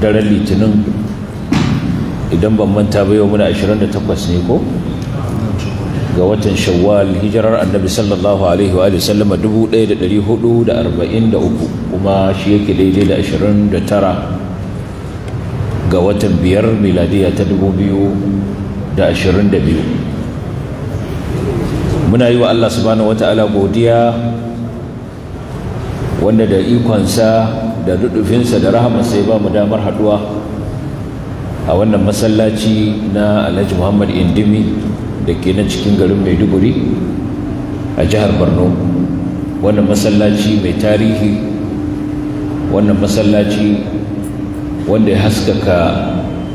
daren litinin idan ban manta ba yau muna 28 ne ko ga watan shawwal hijirar annabi sallallahu alaihi wa sallama 1443 kuma shi yake daidai da 29 ga watan biyar miladiya ta 2022 muna yi wa Allah subhanahu wata'ala godiya wanda da ikonsa da dudufinsa da rahamarsa ya ba mu damar haduwa a wannan masallaci na alhaji muhammad indimi da ke na cikin garin maiduguri a jihar borno wannan masallaci mai tarihi wannan masallaci wanda ya haskaka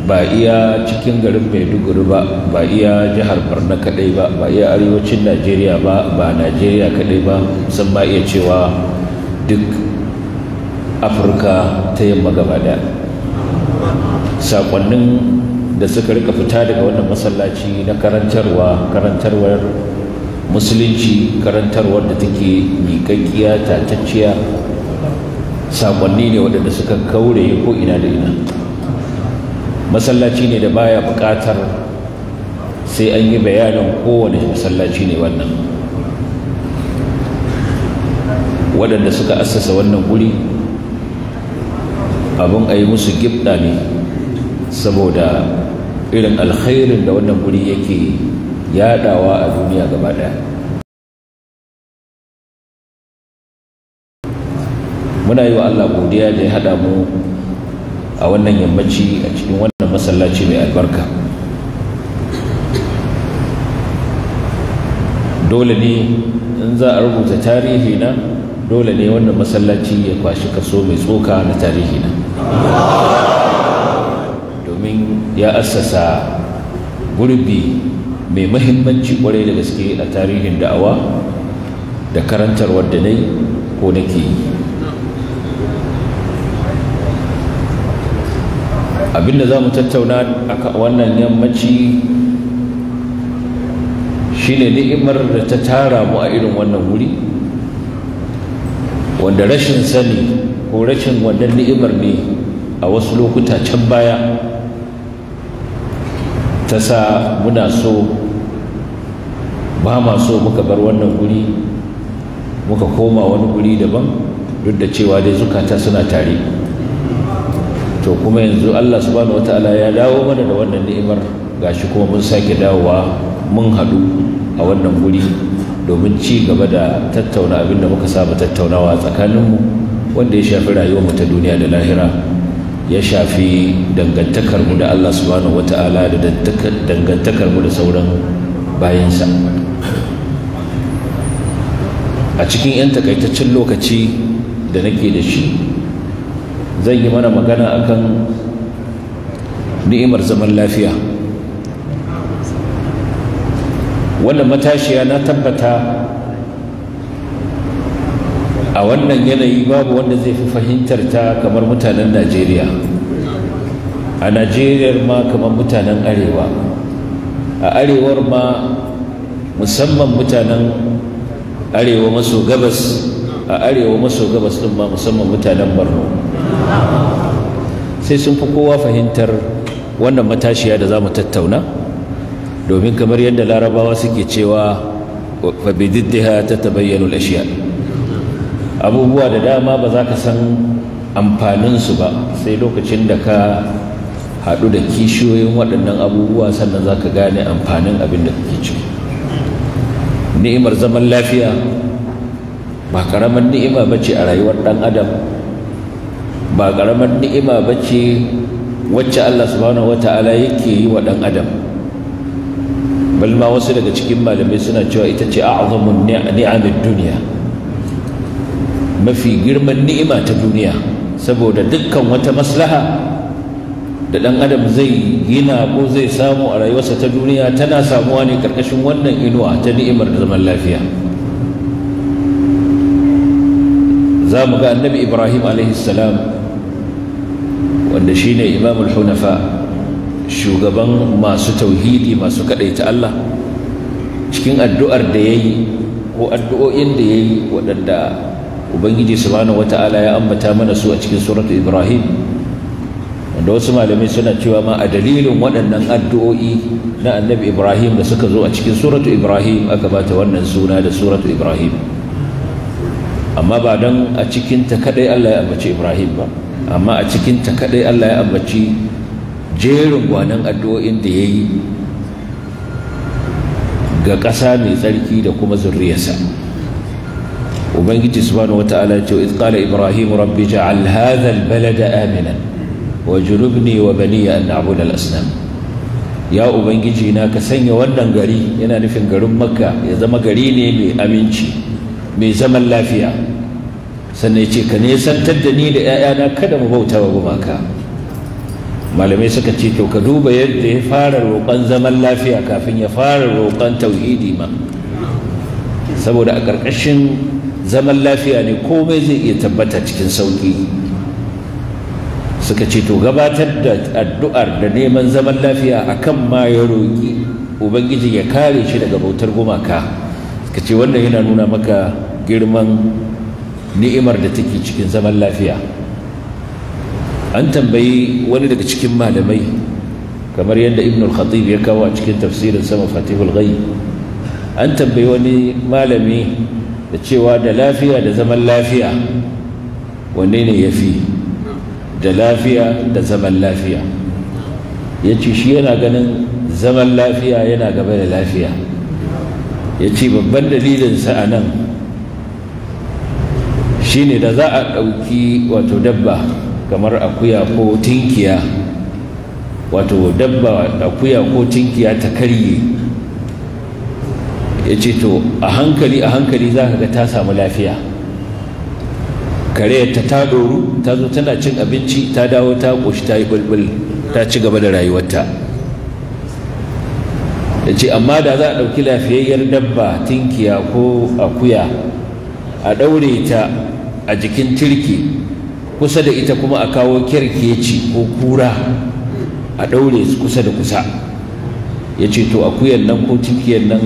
ba iya cikin garin maiduguri ba ba iya jihar borno kadai ba ba iya arewacin najeriya ba ba najeriya kadai ba sun ba iya cewa duk afirka ta yamma gaba daya saƙonnin da suka rika fita daga wannan masallaci na karantarwa karantarwar musulunci karantarwar da take ta tatacciya saƙonni ne waɗanda suka kaure ko ina da ina masallaci ne da baya buƙatar sai an yi bayanin kowane masallaci ne wannan waɗanda suka assasa wannan guri abin a yi musu gifta ne saboda irin alkhairin da wannan guri yake yadawa a duniya gaba daya muna yi wa allah godiya da ya hada mu a wannan yammaci a cikin wannan masallaci mai albarka dole ne in za a rubuta tarihi na dole ne wannan masallaci ya kwashi kaso mai tsoka na tarihi na domin ya assasa gurbi mai mahimmanci kwarai da gaske a tarihin da'awa da karantar da nai ko nake yi abinda za mu tattauna a wannan yammaci shine ni'imar da ta tara mu a irin wannan wuri wanda rashin sani ko rashin wannan ni'imar ne a wasu lokuta can baya ta sa muna so ba ma so muka bar wannan guri muka koma wani guri daban duk da cewa dai zukata suna tare to kuma yanzu Allah subhanahu wataala ya dawo mana da wannan ni'imar gashi kuma mun sake dawowa mun haɗu a wannan guri domin ci gaba da tattauna abin da muka saba tattaunawa tsakaninmu wanda ya shafi rayuwarmu ta duniya da lahira ya shafi dangantakarmu da Allah subhanahu wata'ala da dangantakarmu da sauran bayansa a cikin 'yan takaitaccen lokaci da nake da shi zan yi mana magana akan ni'imar zaman lafiya wannan matashiya na tabbata a wannan yanayi babu wanda zai fi fahimtar ta kamar mutanen najeriya a najeriya ma kamar mutanen arewa a arewar ma musamman mutanen arewa maso gabas a arewa maso gabas din ma musamman mutanen borno sai sun fi kowa fahimtar wannan matashiya da za mu tattauna domin kamar yadda larabawa suke cewa fabididdiha ta tabayyanu lashiya abubuwa da dama ba za ka san amfaninsu ba sai lokacin da ka haɗu da kishiyoyin waɗannan abubuwa sannan za ka gane amfanin abin da kake ciki ni'imar zaman lafiya ba ƙaramar ni'ima ba ce a rayuwar ɗan adam ba ƙaramar ni'ima ba ce wacce allah subhanahu ala, yake yi wa ɗan adam balma wasu daga cikin malamai suna cewa ita ce a'zamun ni'amid duniya mafi girman ni'ima ta duniya saboda dukkan wata maslaha da ɗan adam zai gina ko zai samu a rayuwarsa ta duniya tana samuwa ne karkashin wannan inuwa ta ni'imar da zaman lafiya za mu ga annabi ibrahim salam wanda shine imamul hunafa shugaban masu tauhidi masu kaɗaita Allah cikin addu'ar da ya yi ko addu'o'in da ya yi waɗanda ubangiji subhanahu wata'ala ya ambata mana su a cikin suratu ibrahim wanda wasu malamai suna cewa ma a dalilin waɗannan addu'o'i na annabi ibrahim da suka zo a cikin suratu ibrahim aka bata wannan suna da suratu ibrahim amma ba don a cikinta kaɗai allah ya ambaci ibrahim ba amma a cikinta kaɗai allah ya ambaci jerin gwanan addu'o'in da ya yi ga ƙasa mai tsarki da kuma zurriyarsa ubangiji subhanahu wata'ala ce iz qala ibrahim rabbi ja'al hadha albalada aminan wa junubni wa bani an na'budu al-asnam ya ubangiji na ka sanya wannan gari yana nufin garin makka ya zama gari ne mai aminci mai zaman lafiya sannan ya ce ka nesantar da ni da 'ya'yana kada mu bauta wa gumaka malamai suka ce to ka duba yadda ya fara roƙon zaman lafiya kafin ya fara roƙon tauhidi ma saboda a ƙarƙashin zaman lafiya ne komai zai iya tabbata cikin sauƙi suka ce to gabatar da addu'ar da neman zaman lafiya akan ma ya roƙi ubangiji ya kare shi daga bautar gumaka suka ce wannan yana nuna maka girman ni'imar da take cikin zaman lafiya an tambayi wani daga cikin malamai kamar yadda ibn al-khatib ya kawo a cikin tafsirin sama fatihul ghaib an tambayi wani malami da cewa da lafiya da zaman lafiya wanne ne yafi da lafiya da zaman lafiya ya ce shi yana ganin zaman lafiya yana gaba da lafiya ya ce babban dalilinsa a nan shi ne da za a ɗauki wato dabba kamar akuya ko tinkiya wato dabba akuya ko tinkiya ta karye ya ce to a hankali a hankali za ka ga ta samu lafiya kare ta ta doru ta zo tana cin abinci ta dawo ta ƙoshi ta yi bulbul ta ci gaba da rayuwarta ya ce amma da za a ɗauki lafiyayyar dabba tinkiya ko akuya a ɗaure ta a jikin tirki. kusa da ita kuma a kawo kyarkeci ko kura a ɗaure kusa da kusa ya ce to akuyan nan ko cikiyan nan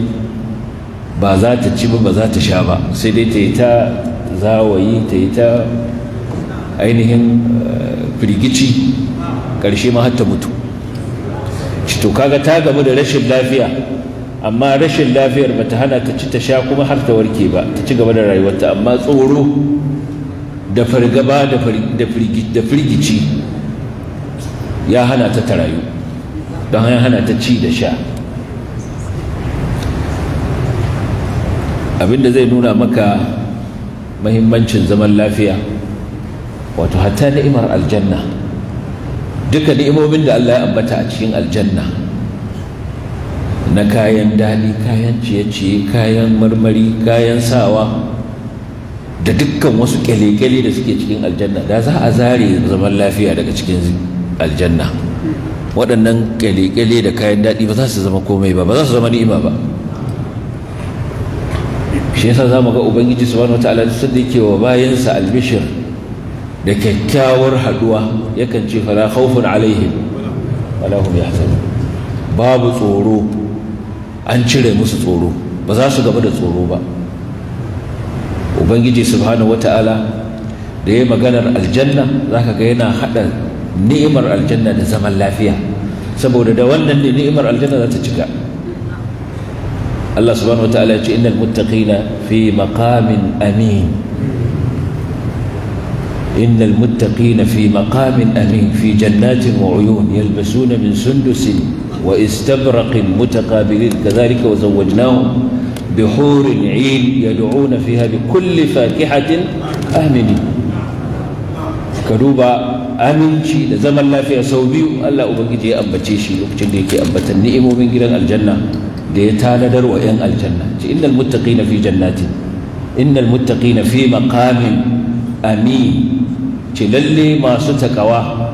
ba za ta ci ba ba za ta sha ba sai dai ta yi ta zawayi ta yi ta ainihin eh, firgici ƙarshe ma har ta mutu to kaga ta gamu da rashin lafiya amma rashin lafiyar ba ta hana ta ci ta sha kuma har ta warke ba ta ci gaba da rayuwarta amma tsoro da fargaba da firgici ya hana ta tarayu don ya hana ta ci da sha abinda zai nuna maka mahimmancin zaman lafiya wato hatta ni'imar aljanna duka ni'imomin da Allah ya ambata a cikin aljanna na kayan daɗi kayan ciye-ciye kayan marmari kayan sawa da dukkan wasu kyale-kyale da suke cikin aljanna da za a zare zaman lafiya daga cikin aljanna waɗannan kyale-kyale da kayan daɗi ba za su zama komai ba ba za su zama ni'ima ba shi yasa za mu ga ubangiji subhanahu wataala duk sanda yake wa bayansa albishir da kyakkyawar haɗuwa yakan ce fala khawfun alaihim wala hum yahzanun babu tsoro an cire musu tsoro ba za su gaba da tsoro ba ubangiji subhanahu wata'ala da ya maganar aljanna zaka ga yana haɗa ni'imar aljanna da zaman lafiya saboda da wannan ne ni'imar aljanna za ta cika Allah subhanahu wata'ala ya ce innal muttaqina fi maqamin amin إن المتقين في مقام أمين في جنات وعيون يلبسون من سندس وإستبرق متقابلين كذلك وزوجناهم بحور العين يدعون kulli بكل فاكهة آمنين كدوبا aminci da zaman lafiya sau biyu Allah ubangiji ya ambace shi lokacin da yake ambatan ni'imomin gidan aljanna da ya tanadar wa 'yan aljanna ce innal muttaqina fi jannati innal muttaqina fi maqamin amin ce lalle masu takawa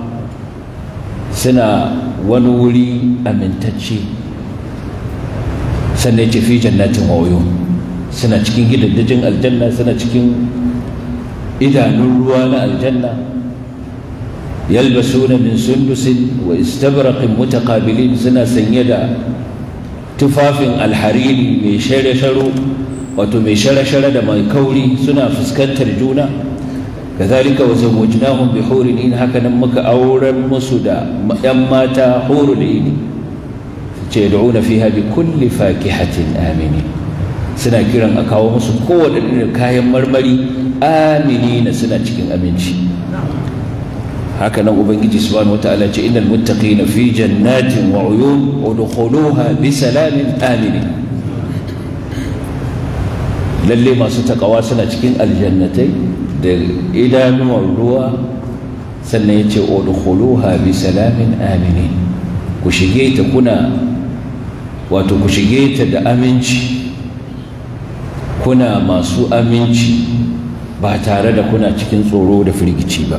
suna wani wuri amintacce sannan ya ce fi jannatin wa suna cikin gidaddajin aljanna suna cikin idanun ruwa na aljanna yalbasuna min sundusin wa istabraqin mutaqabilin suna sanye da tufafin alhariri mai share-sharo wato mai share-share da mai kauri suna fuskantar juna kazalika wa zawwajnahum bi hurin in haka nan muka auren musu da 'yan mata hurul ini ce da'una fiha bi kulli fakihatin amini suna kiran a kawo musu kowane irin kayan marmari amini na suna cikin aminci haka nan ubangiji subhanahu wata'ala ce innal muttaqina fi jannatin wa uyun udkhuluha bi salamin amini lalle masu takawa suna cikin aljannatai da idanuwan ruwa sannan ya ce udkhuluha bi salamin amini ku shige ta kuna wato ku shige ta da aminci kuna masu aminci ba tare da kuna cikin tsoro da firgici ba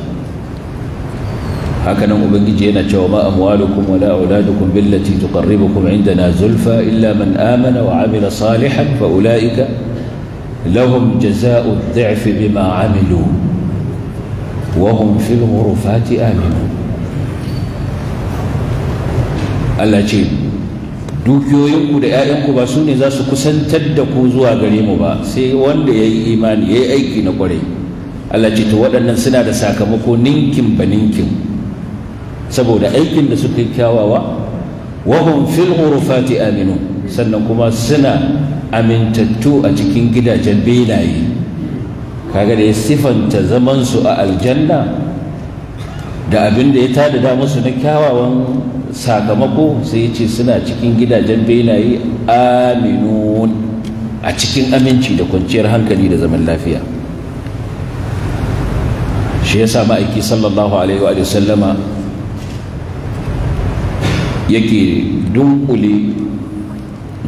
hakanan ubangiji yana cewa ma amwalukum wala auladukum billati tuqarribukum indana zulfa illa man amana wa amila salihan fa ulaika lahum jazaa'u dhi'fi bima amilu wa hum fil ghurufati aminu Allah ce dukiyoyinku da 'ya'yanku ba su ne za su kusantar da ku zuwa gare mu ba sai wanda ya yi imani ya yi aiki na kwarai Allah ce to waɗannan suna da sakamako ninkin ba ninkin saboda aikin da suka yi kyawawa wahum fil ghurfati aminu sannan kuma suna amintattu a cikin gidajen belaye kaga da ya sifanta zamansu a aljanna da abin da ya tada musu na kyawawan sakamako sai ya ce suna cikin gidajen benaye aminun a cikin aminci da kwanciyar hankali da zaman lafiya shi ya sa ma'aiki sallallahu alaihi wa sallama yake dunkule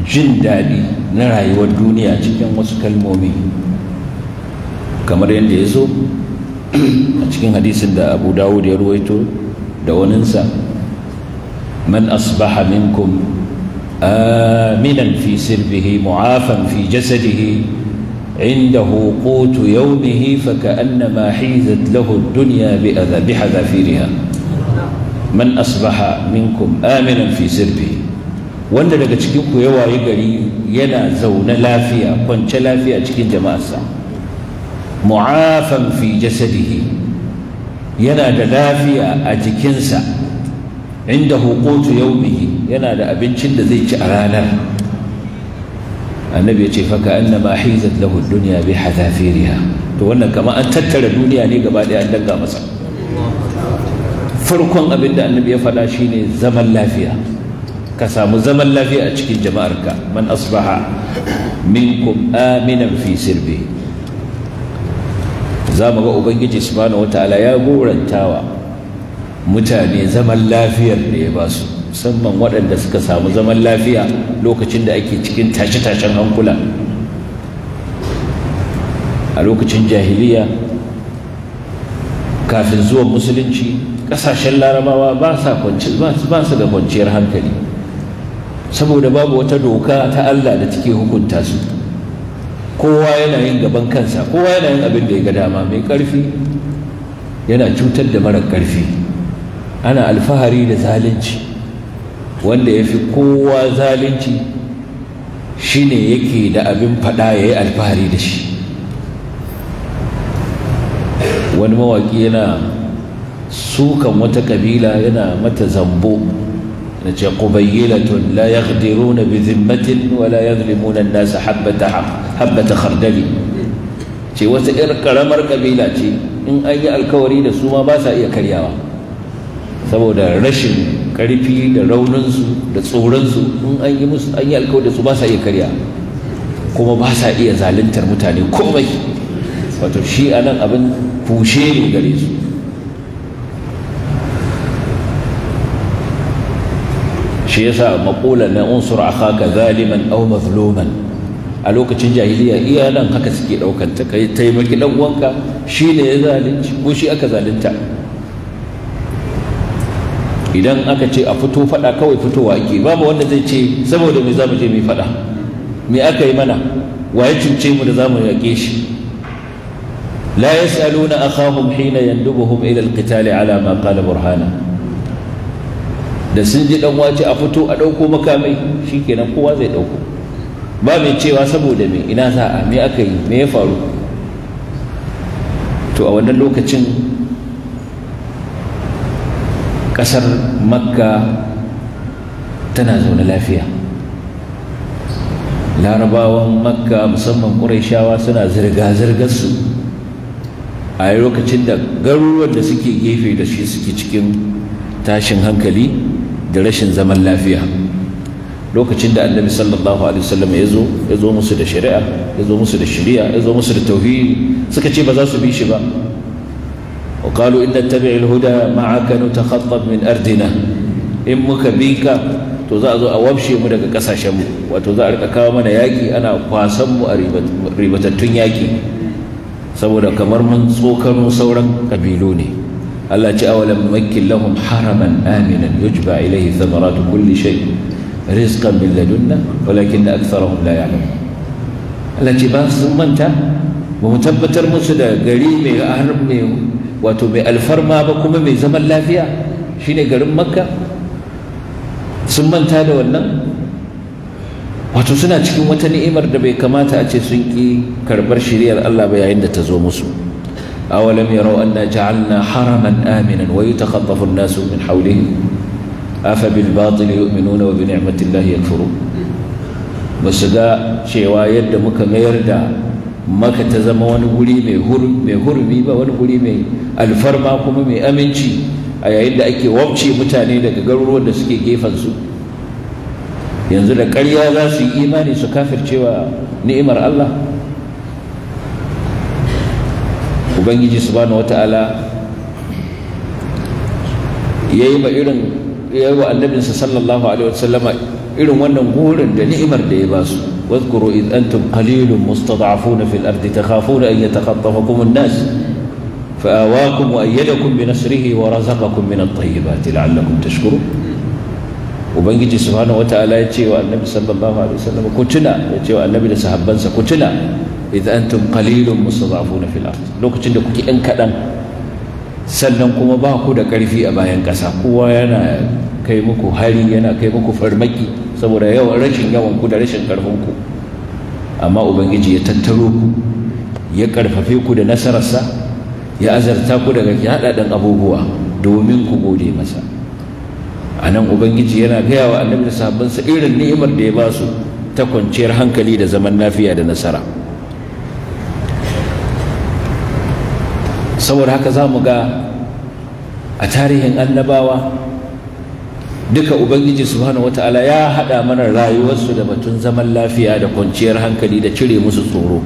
jin daɗi na rayuwar duniya cikin wasu kalmomi kamar yadda ya zo a cikin hadisin da abu dawud ya ruwaito da waninsa من أصبح منكم آمنا في سربه معافا في جسده عنده قوت يومه فكأنما حيزت له الدنيا بأذى بحذافيرها من أصبح منكم آمنا في سربه وأن لك تشكيك يوى يقري ينا زون لا فيها قنش لا فيها تشكي جماعة معافا في جسده ينا دلافيا أتكنسا inda hukutu yaumihi yana da abincin da zai ci a ranar annabi ya ce faka annama hizat lahu dunya bi hadafiriha to wannan kamar an tattara duniya ne gaba ɗaya an danga masa farkon abin da annabi ya faɗa shine zaman lafiya ka samu zaman lafiya a cikin jama'arka man asbaha minkum aminan fi sirbi za mu ga ubangiji subhanahu wataala ya gorantawa mutane zaman lafiyar da ya ba su musamman waɗanda suka samu zaman lafiya lokacin da ake cikin tashe-tashen hankula a lokacin jahiliya kafin zuwa musulunci ƙasashen larabawa ba su da kwanciyar hankali saboda babu wata doka ta Allah da take hukunta su kowa yana yin gaban kansa kowa yana yin abin da ya ga dama mai ƙarfi yana cutar da mara ƙarfi ana alfahari da zalunci wanda ya fi kowa zalunci shine yake da abin fada ya yi alfahari da shi wani mawaƙi yana sukan wata ƙabila yana mata zambo na ce ƙubayyilatun la ya na bi zimmatin wala la ya nasa habbata hardali ce wata 'yar ƙaramar ƙabila ce in an yi alkawari da su ma ba sa iya karyawa saboda rashin ƙarfi da rauninsu da tsoronsu in an yi musu an yi alkawar da su ba sa iya karya kuma ba sa iya zaluntar mutane komai wato shi a nan abin fushe ne gare su shi yasa maƙulan na unsur akhaka zaliman aw mazluman a lokacin jahiliya iya nan haka suke ɗaukanta kai taimaki ɗan wanka shi ne ya zalunci ko shi aka zalunta idan aka ce a fito faɗa kawai fitowa ake babu wanda zai ce saboda me za mu je mu faɗa me aka yi mana wa ya cince mu da za mu yaƙe shi la yas'aluna akhahum hina yandubuhum ila alqital ala ma qala burhana da sun ji dan wace a fito a ɗauko makamai shikenan kowa zai ɗauko ba mai cewa saboda me ina za a me aka yi me ya faru to a wannan lokacin ƙasar makka tana zaune lafiya larabawan makka musamman ƙuraishawa suna zirga-zirgarsu a lokacin da garuruwan da suke gefe da shi suke cikin tashin hankali da rashin zaman lafiya lokacin da annabi sallallahu alaihi wasallam ya zo ya zo musu da shari'a ya zo musu da shari'a ya zo musu da tauhidi suka ce ba za su bi shi ba وقالوا إن نتبع الهدى معك نتخطب من أرضنا إن مكبيك to za a zo a wabshe mu daga kasashenmu wato za a kawo mana yaƙi ana kwasan mu a ribatattun yaƙi saboda kamar mun tsokano sauran ƙabilu ne Allah ce awalan makkin lahum haraman aminan yujba ilaihi thamaratu kulli shay rizqan min ladunna Allah ce ba manta ba mu tabbatar musu da gari mai wato mai alfarma ba kuma mai zaman lafiya ne garin makka sun manta da wannan wato suna cikin wata ni'imar da bai kamata a ce sun ki karɓar shiriyar Allah ba yayin da ta zo musu awalam yarau anna ja'alna haraman aminan wa yatakhaffafu an-nasu min hawlihim afa bil batil yu'minuna wa bi ni'mati llahi yakfurun su ga cewa yadda muka mayar da maka ta zama wani guri mai hurumi ba wani guri mai alfarma kuma mai aminci a yayin da ake wamce mutane daga garuruwan da suke su? yanzu da karya za su yi imani su kafircewa ni'imar Allah ubangiji subhanahu wata'ala ya yi ba irin ya yi wa annabinsa sallallahu alaihi wasallama irin wannan gurin da ni'imar da ya ba su واذكروا إذ أنتم قليل مستضعفون في الأرض تخافون أن يتخطفكم الناس فآواكم وأيدكم بنصره ورزقكم من الطيبات لعلكم تشكرون وبنجي سبحانه وتعالى يتي والنبي صلى الله عليه وسلم كتنا يتي والنبي لسهبان سكتنا إذ أنتم قليل مستضعفون في الأرض لو كتن لكي أنكدن sannan kuma ba ku da ƙarfi a bayan ƙasa kowa yana kai muku hari yana kai muku farmaki saboda yawan rashin yawan ku da rashin ƙarfin ku amma ubangiji ya tattaro ku ya ƙarfafe ku da nasararsa ya azarta ku daga haɗaɗen abubuwa domin ku gode masa a nan ubangiji yana gaya wa annabi da sahabbansa irin ni'imar da ya ba su ta kwanciyar hankali da zaman lafiya da nasara saboda haka za mu ga a tarihin annabawa duka ubangiji subhanahu wata'ala ya haɗa mana rayuwarsu da batun zaman lafiya da kwanciyar hankali da cire musu tsoro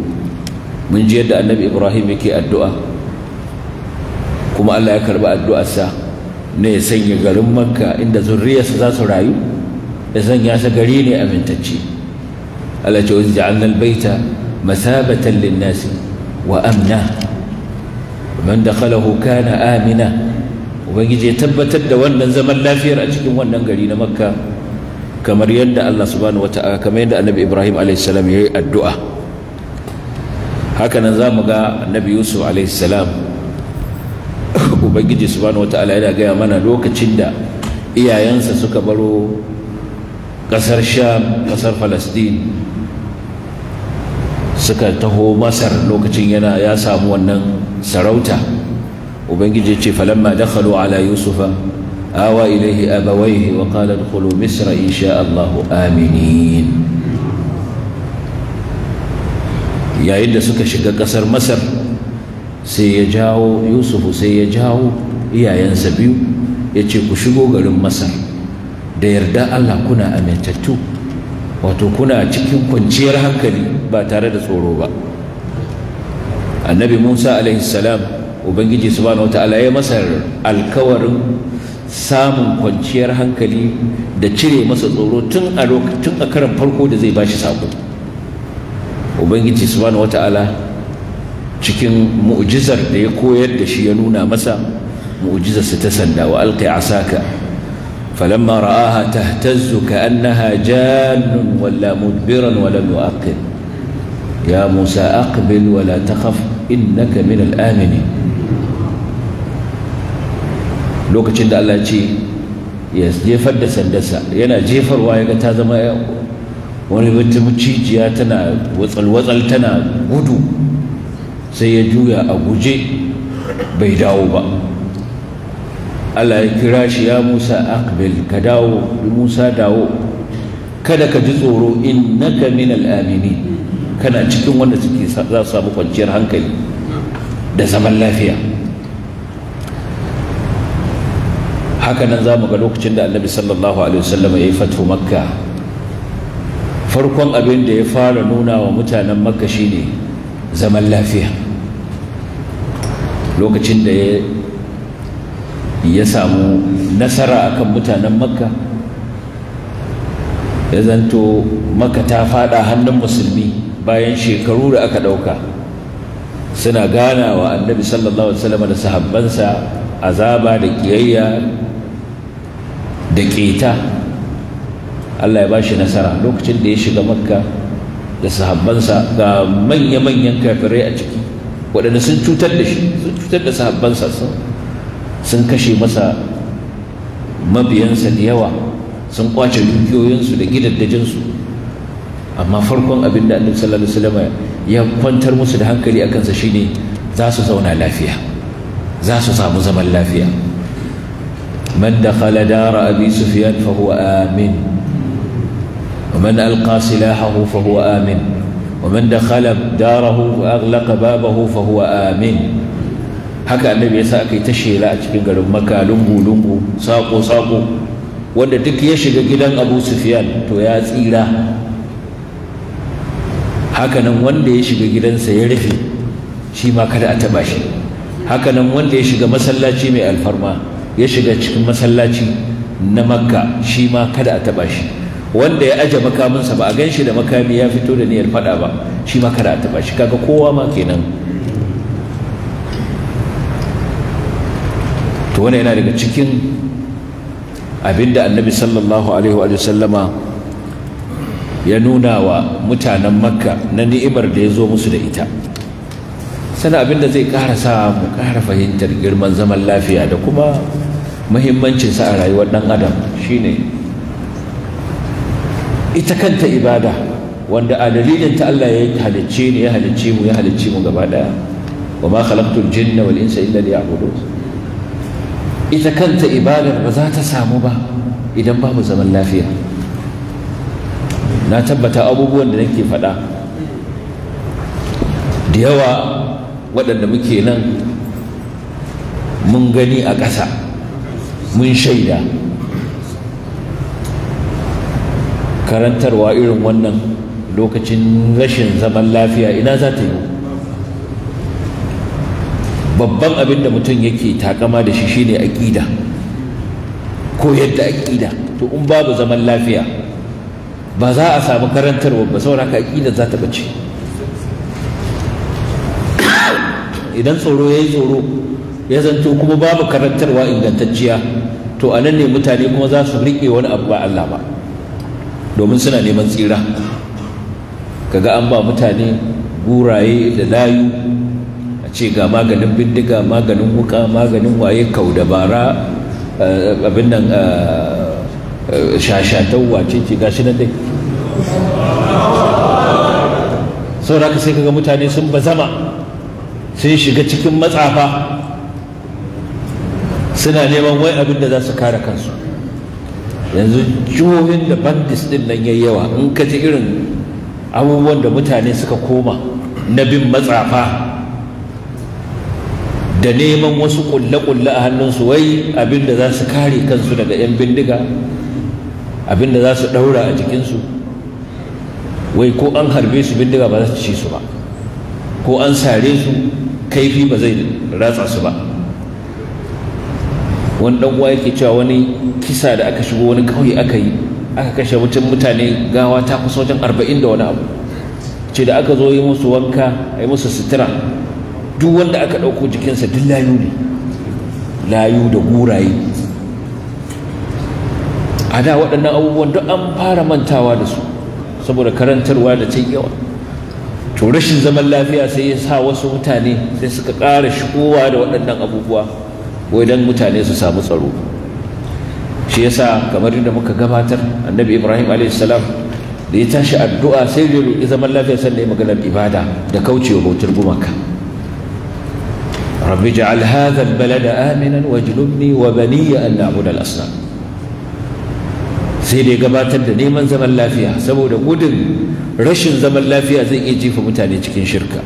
mun ji yadda annabi ibrahim yake addu'a kuma allah ya karɓi addu'arsa ne ya sanya garin makka inda zurriyarsa za su rayu ya sanya sa gari ne amintacce allah ce wasu ja'alna albaita masabatan linnasi wa amna man dakhalahu kana amina ubangiji ya tabbatar da wannan zaman lafiyar a cikin wannan gari na makka kamar yadda Allah subhanahu wata'ala kamar yadda annabi Ibrahim a.s. ya yi addu'a hakanan za mu ga annabi yusuf a.s. ubangiji subhanahu wata'ala yana gaya mana lokacin da iyayensa suka baro kasar sham ƙasar falastin suka taho masar lokacin yana ya samu wannan sarauta ubangiji ce falamma dakhalu ala yusufa awa ilaihi abawaihi wa qala adkhulu misra insha Allahu aminin yayin da suka shiga kasar masar sai ya jawo yusufu sai ya jawo iyayensa biyu ya ce ku shigo garin masar da yarda Allah kuna amintattu wato kuna cikin kwanciyar hankali ba tare da tsoro ba annabi musa alaihissalam ubangiji subhanahu wataala ya masa alkawarin samun kwanciyar hankali da cire masa tsoro tun a tun farko da zai bashi sako ubangiji subhanahu wataala cikin mu'jizar da ya koyar da shi ya nuna masa mu'jizarsa ta sanda wa alqi asaka falamma ra'aha tahtazzu ka'annaha jannun wala mudbiran يا موسى أقبل ولا تخف إنك من الآمنين lokacin da Allah ce ya jefar da sandarsa yana jefarwa ya ga ta zama wani mutum cijiya tana watsal-watsal tana gudu sai ya juya a guje bai dawo ba Allah ya kira shi ya Musa aqbil ka dawo Musa dawo kada ka ji tsoro innaka min al kana cikin wanda suke za su samu kwanciyar hankali da zaman lafiya hakanan za mu ga lokacin da annabi sallallahu alaihi wasallam ya yi fatu makka farkon abin da ya fara nuna wa mutanen makka shine zaman lafiya lokacin da ya samu nasara akan mutanen makka ya zanto makka ta fada hannun musulmi bayan shekaru da aka ɗauka suna ganawa annabi sallallahu alaihi wasallam da sahabbansa azaba da kiyayya da keta Allah ya bashi nasara lokacin da ya shiga makka da sahabbansa ga manya-manyan kafirai a ciki waɗanda sun cutar da shi sun cutar da sahabbansa sun kashe masa mabiyansa da yawa sun kwace dukiyoyinsu da gidaddajinsu amma farkon abin da annabi sallallahu alaihi wasallam ya kwantar musu da hankali a kansa shine za su zauna lafiya za su samu zaman lafiya man dakhala dara abi sufyan fa huwa amin wa man alqa silahahu fa huwa amin wa man dakhala darahu fa aghlaqa babahu fa huwa amin haka annabi ya sa aka yi ta shela a cikin garin maka lungu lungu sako sako wanda duk ya shiga gidan abu sufyan to ya tsira hakanan wanda ya shiga gidansa ya rufe shi ma kada a taba shi hakanan wanda ya shiga masallaci mai alfarma ya shiga cikin masallaci na makka shi ma kada a taba shi wanda ya aje makaminsa ba a gan shi da makami ya fito da niyyar fada ba shi ma kada a taba shi kaga kowa ma kenan to wannan yana daga cikin abinda annabi sallallahu alaihi wa sallama ya nuna wa mutanen makka na ni'imar da ya zo musu da ita San abin da zai ƙara sa mu ƙara fahimtar girman zaman lafiya da kuma muhimmancinsa a rayuwar ɗan adam shine ita kanta ibada wanda a dalilin ta Allah ya halicce ni ya halicce mu ya halicce mu gaba ɗaya wa ma khalaqtul jinna wal insa illa liya'budun ita kanta ibadar ba za ta samu ba idan babu zaman lafiya na tabbata abubuwan da nake faɗa da yawa waɗanda muke nan mun gani a ƙasa mun shaida karantarwa irin wannan lokacin rashin zaman lafiya ina za ta yi babban abin da mutum yake takama da shi shine aƙida ko yadda aƙida to in babu zaman lafiya ba za a samu karantarwa ba saboda haka aƙida za ta bace idan tsoro ya yi tsoro ya zanto kuma babu karantarwa ingantacciya to a nan ne mutane kuma za su riƙe wani abu ba Allah ba domin suna neman tsira kaga an ba mutane guraye da layu a ce ga maganin bindiga maganin wuka maganin waye kau dabara eh, abin nan eh, shashatau wace ce gashi nan dai da sai kaga mutane sun bazama sun shiga cikin matsafa suna neman wai abin da za su kare kansu yanzu jihohin da bandis din nan yayi yawa in ka ji irin abubuwan da mutane suka koma na bin matsafa da neman wasu kulle-kulle a hannunsu wai abin da za su kare kansu daga 'yan bindiga abinda za su ɗaura a jikinsu wai ko an harbe su bindiga ba za su ci su ba ko an sare su kaifi ba zai ratsa su ba wani dan uwa yake cewa wani kisa da aka shigo wani ƙauye aka yi aka kashe mutum mutane gawa ta kusa wajen arba'in da wani abu ce da aka zo yi musu wanka a yi musu sutura duk wanda aka ɗauko jikinsa duk layu ne layu da guraye a da waɗannan abubuwan duk an fara mantawa da su saboda karantarwa da cin yawa to rashin zaman lafiya sai ya sa wasu mutane sai suka ƙara shigowa da waɗannan abubuwa wai don mutane su samu tsaro shi yasa kamar yadda muka gabatar annabi ibrahim a.s. da ya tashi addu'a sai ya roƙi zaman lafiya sannan ya maganar ibada da kaucewa bautar gumaka rabbi ja'al hadha balada aminan wajnubni wa baniya an na'budu asnam sai dai gabatar da neman zaman lafiya saboda gudun rashin zaman lafiya zai iya jefa mutane cikin shirka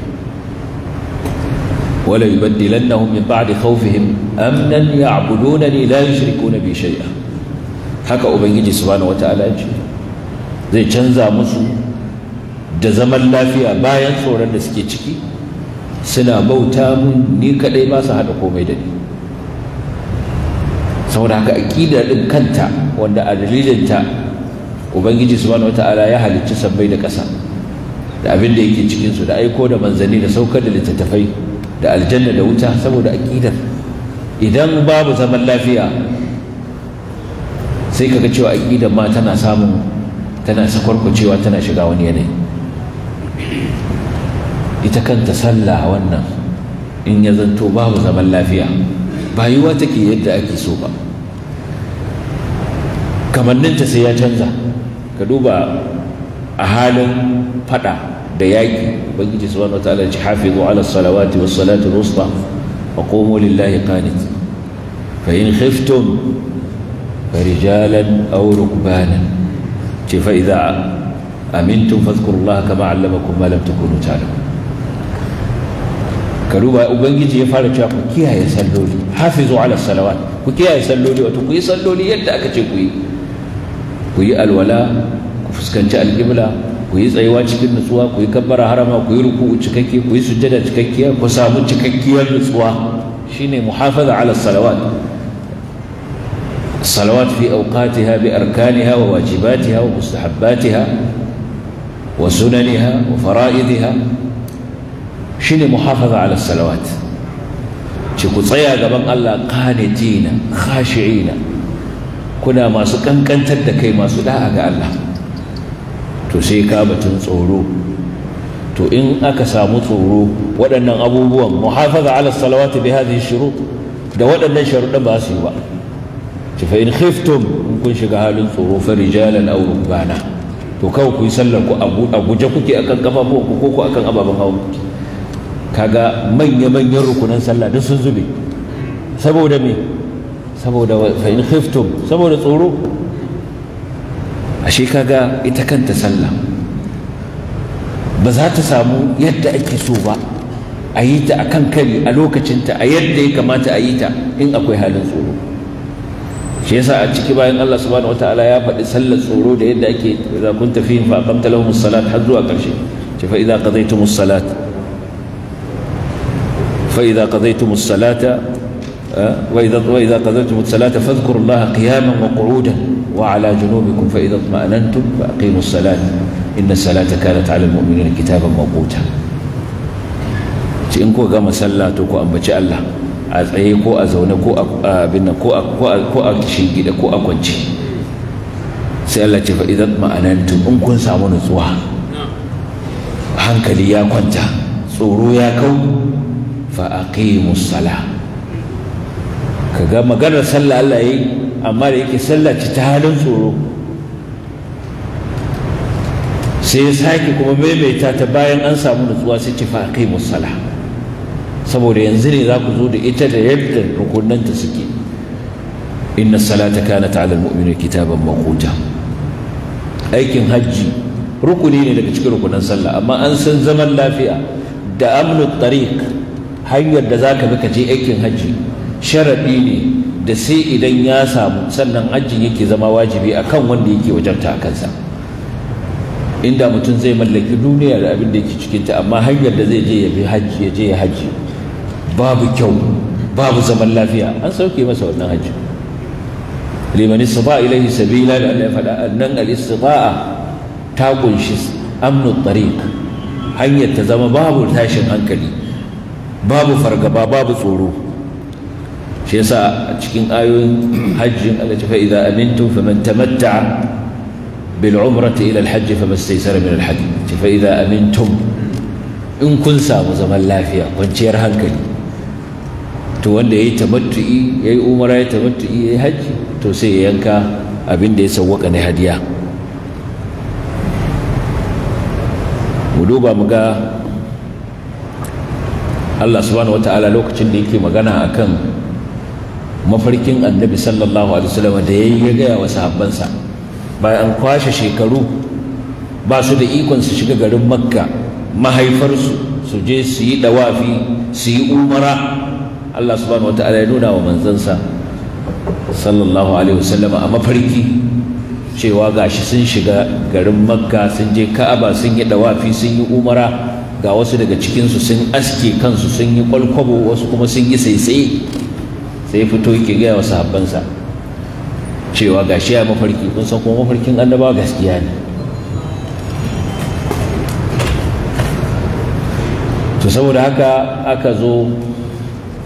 wala yubaddilannahum min ba'di khawfihim amnan ya'budunani la yushrikuna bi shay'a haka ubangiji subhanahu wata'ala ya ce zai canza musu da zaman lafiya bayan tsoron da suke ciki suna bauta mun ni kadai ba su hada komai da ni saboda haka aqida ɗin kanta wanda a dalilinta ubangiji su wata wataala ya halicci sabbai da ƙasa da abin da yake cikin su da aiko da manzanni da saukar da littattafai da aljanna da wuta saboda aƙidar idan babu zaman lafiya sai kaga cewa aƙidar ma tana samun tana sakwarkwacewa tana shiga wani yanayi ita kanta sallah wannan in ya zanto babu zaman lafiya ba yiwa take yadda ake so ba kamanninta sai ya canza ka duba a halin fada da yaƙi ubangiji subhanahu wataala ya ce hafizu ala salawati was salatu wusta wa qumu lillahi qanit fa in khiftum farijalan aw rukbanan ce fa idza amintum fadhkurullaha kama allamakum ma lam takunu ta'lamun ka duba ubangiji ya fara cewa ku kiyaye salloli hafizu ala salawat ku kiyaye salloli wato ku yi salloli yadda aka ce ku yi ku yi alwala ku fuskanci alƙibla ku yi tsayuwa cikin nutsuwa ku yi kabbara harama ku yi ruku'u cikakke ku yi sujjada cikakkiya ku samu cikakkiyar nutsuwa shine muhafaza ala salawat الصلوات في أوقاتها بأركانها وواجباتها ومستحباتها وسننها وفرائضها شنو محافظة على الصلوات شكو تصيا قبل الله قانتين خاشعين kuna masu kankantar da kai masu da'a ga Allah to sai ka batun tsoro to in aka samu tsoro waɗannan abubuwan muhafaza ala salawati bi hadhihi shurut da waɗannan sharuɗan ba su yi ba ci fa in khiftum in kun shiga halin tsoro fa rijalan aw rukbana to kawai ku yi sallar ku a guje kuke akan kafafuwan ku ko ku akan ababen hawa kaga manya manyan rukunan sallah duk sun zube saboda me saboda fa in khiftum saboda tsoro kaga ita kanta sallah ba za ta samu yadda ake so ba a yi ta a kan kari a lokacinta a yadda ya kamata a yi ta in akwai halin tsoro shi yasa a ciki bayan Allah subhanahu wataala ya faɗi sallar tsoro da yadda ake za kun tafi fa aqamta lahum salat har zuwa ƙarshe ce fa idza qadaytum as-salat salata وإذا وإذا قضيتم الصلاة فاذكروا الله قياما وقعودا وعلى جنوبكم فإذا اطمأننتم فأقيموا الصلاة إن الصلاة كانت على المؤمنين كتابا موقوتا in ko gama sallah to ku ambaci Allah a tsaye ko a zaune ko a binna ko a ko ko a kwance sai ce fa idan in kun samu nutsuwa hankali ya kwanta tsoro ya kau fa salah Ka ga maganar sallah Allah yi amma da yake sallaci ta halin tsoro sai ya sake kuma maimaita ta bayan an samu nutsuwa sai ci fa kai musala saboda yanzu ne za ku zo da ita da yadda rukunanta suke inna salata kanat ala almu'mini kitaban maquta aikin hajji rukuni ne daga cikin rukunan sallah amma an san zaman lafiya da amnu tariq hanyar da zaka bi ka je aikin hajji sharaɗi ne da sai idan ya samu sannan ajin yake zama wajibi a kan wanda yake wajen a kansa inda mutum zai mallaki duniya da abin da yake cikinta amma hanyar da zai je ya bi hajji ya je ya hajji babu kyau babu zaman lafiya an sauke masa wannan hajji liman istata ilaihi sabila da ya faɗa annan al istita'a ta kunshi amnu tariq hanyar ta zama babu tashin hankali babu fargaba babu tsoro shi yasa a cikin ayoyin hajjin Allah ta fa idza ta faman tamatta'a bil umrati ila al hajj famastaysara min al hajj fa idza amintum in kun samu zaman lafiya kwanciyar hankali to wanda yayi tamattu'i yayi umara yayi tamattu'i yayi hajji to sai ya yanka abin da ya sawwaka na hadiya mu duba mu ga Allah subhanahu wataala lokacin da yake magana akan mafarkin annabi sallallahu alaihi wasallam da yayi ya gaya wa sahabbansa bayan an kwashe shekaru ba su da ikon su shiga garin makka mahaifarsu su je su yi dawafi su yi umara Allah subhanahu wataala ya nuna wa manzansa sallallahu alaihi wasallam a mafarki cewa gashi sun shiga garin makka sun je ka'aba sun yi dawafi sun yi umara ga wasu daga cikinsu sun aske kansu sun yi kwalkwabo wasu kuma sun yi saisaye sai fito yake gaya wa sahabbansa cewa shi ya mafarki kun san kuma mafarkin annabawa gaskiya ne to saboda haka aka zo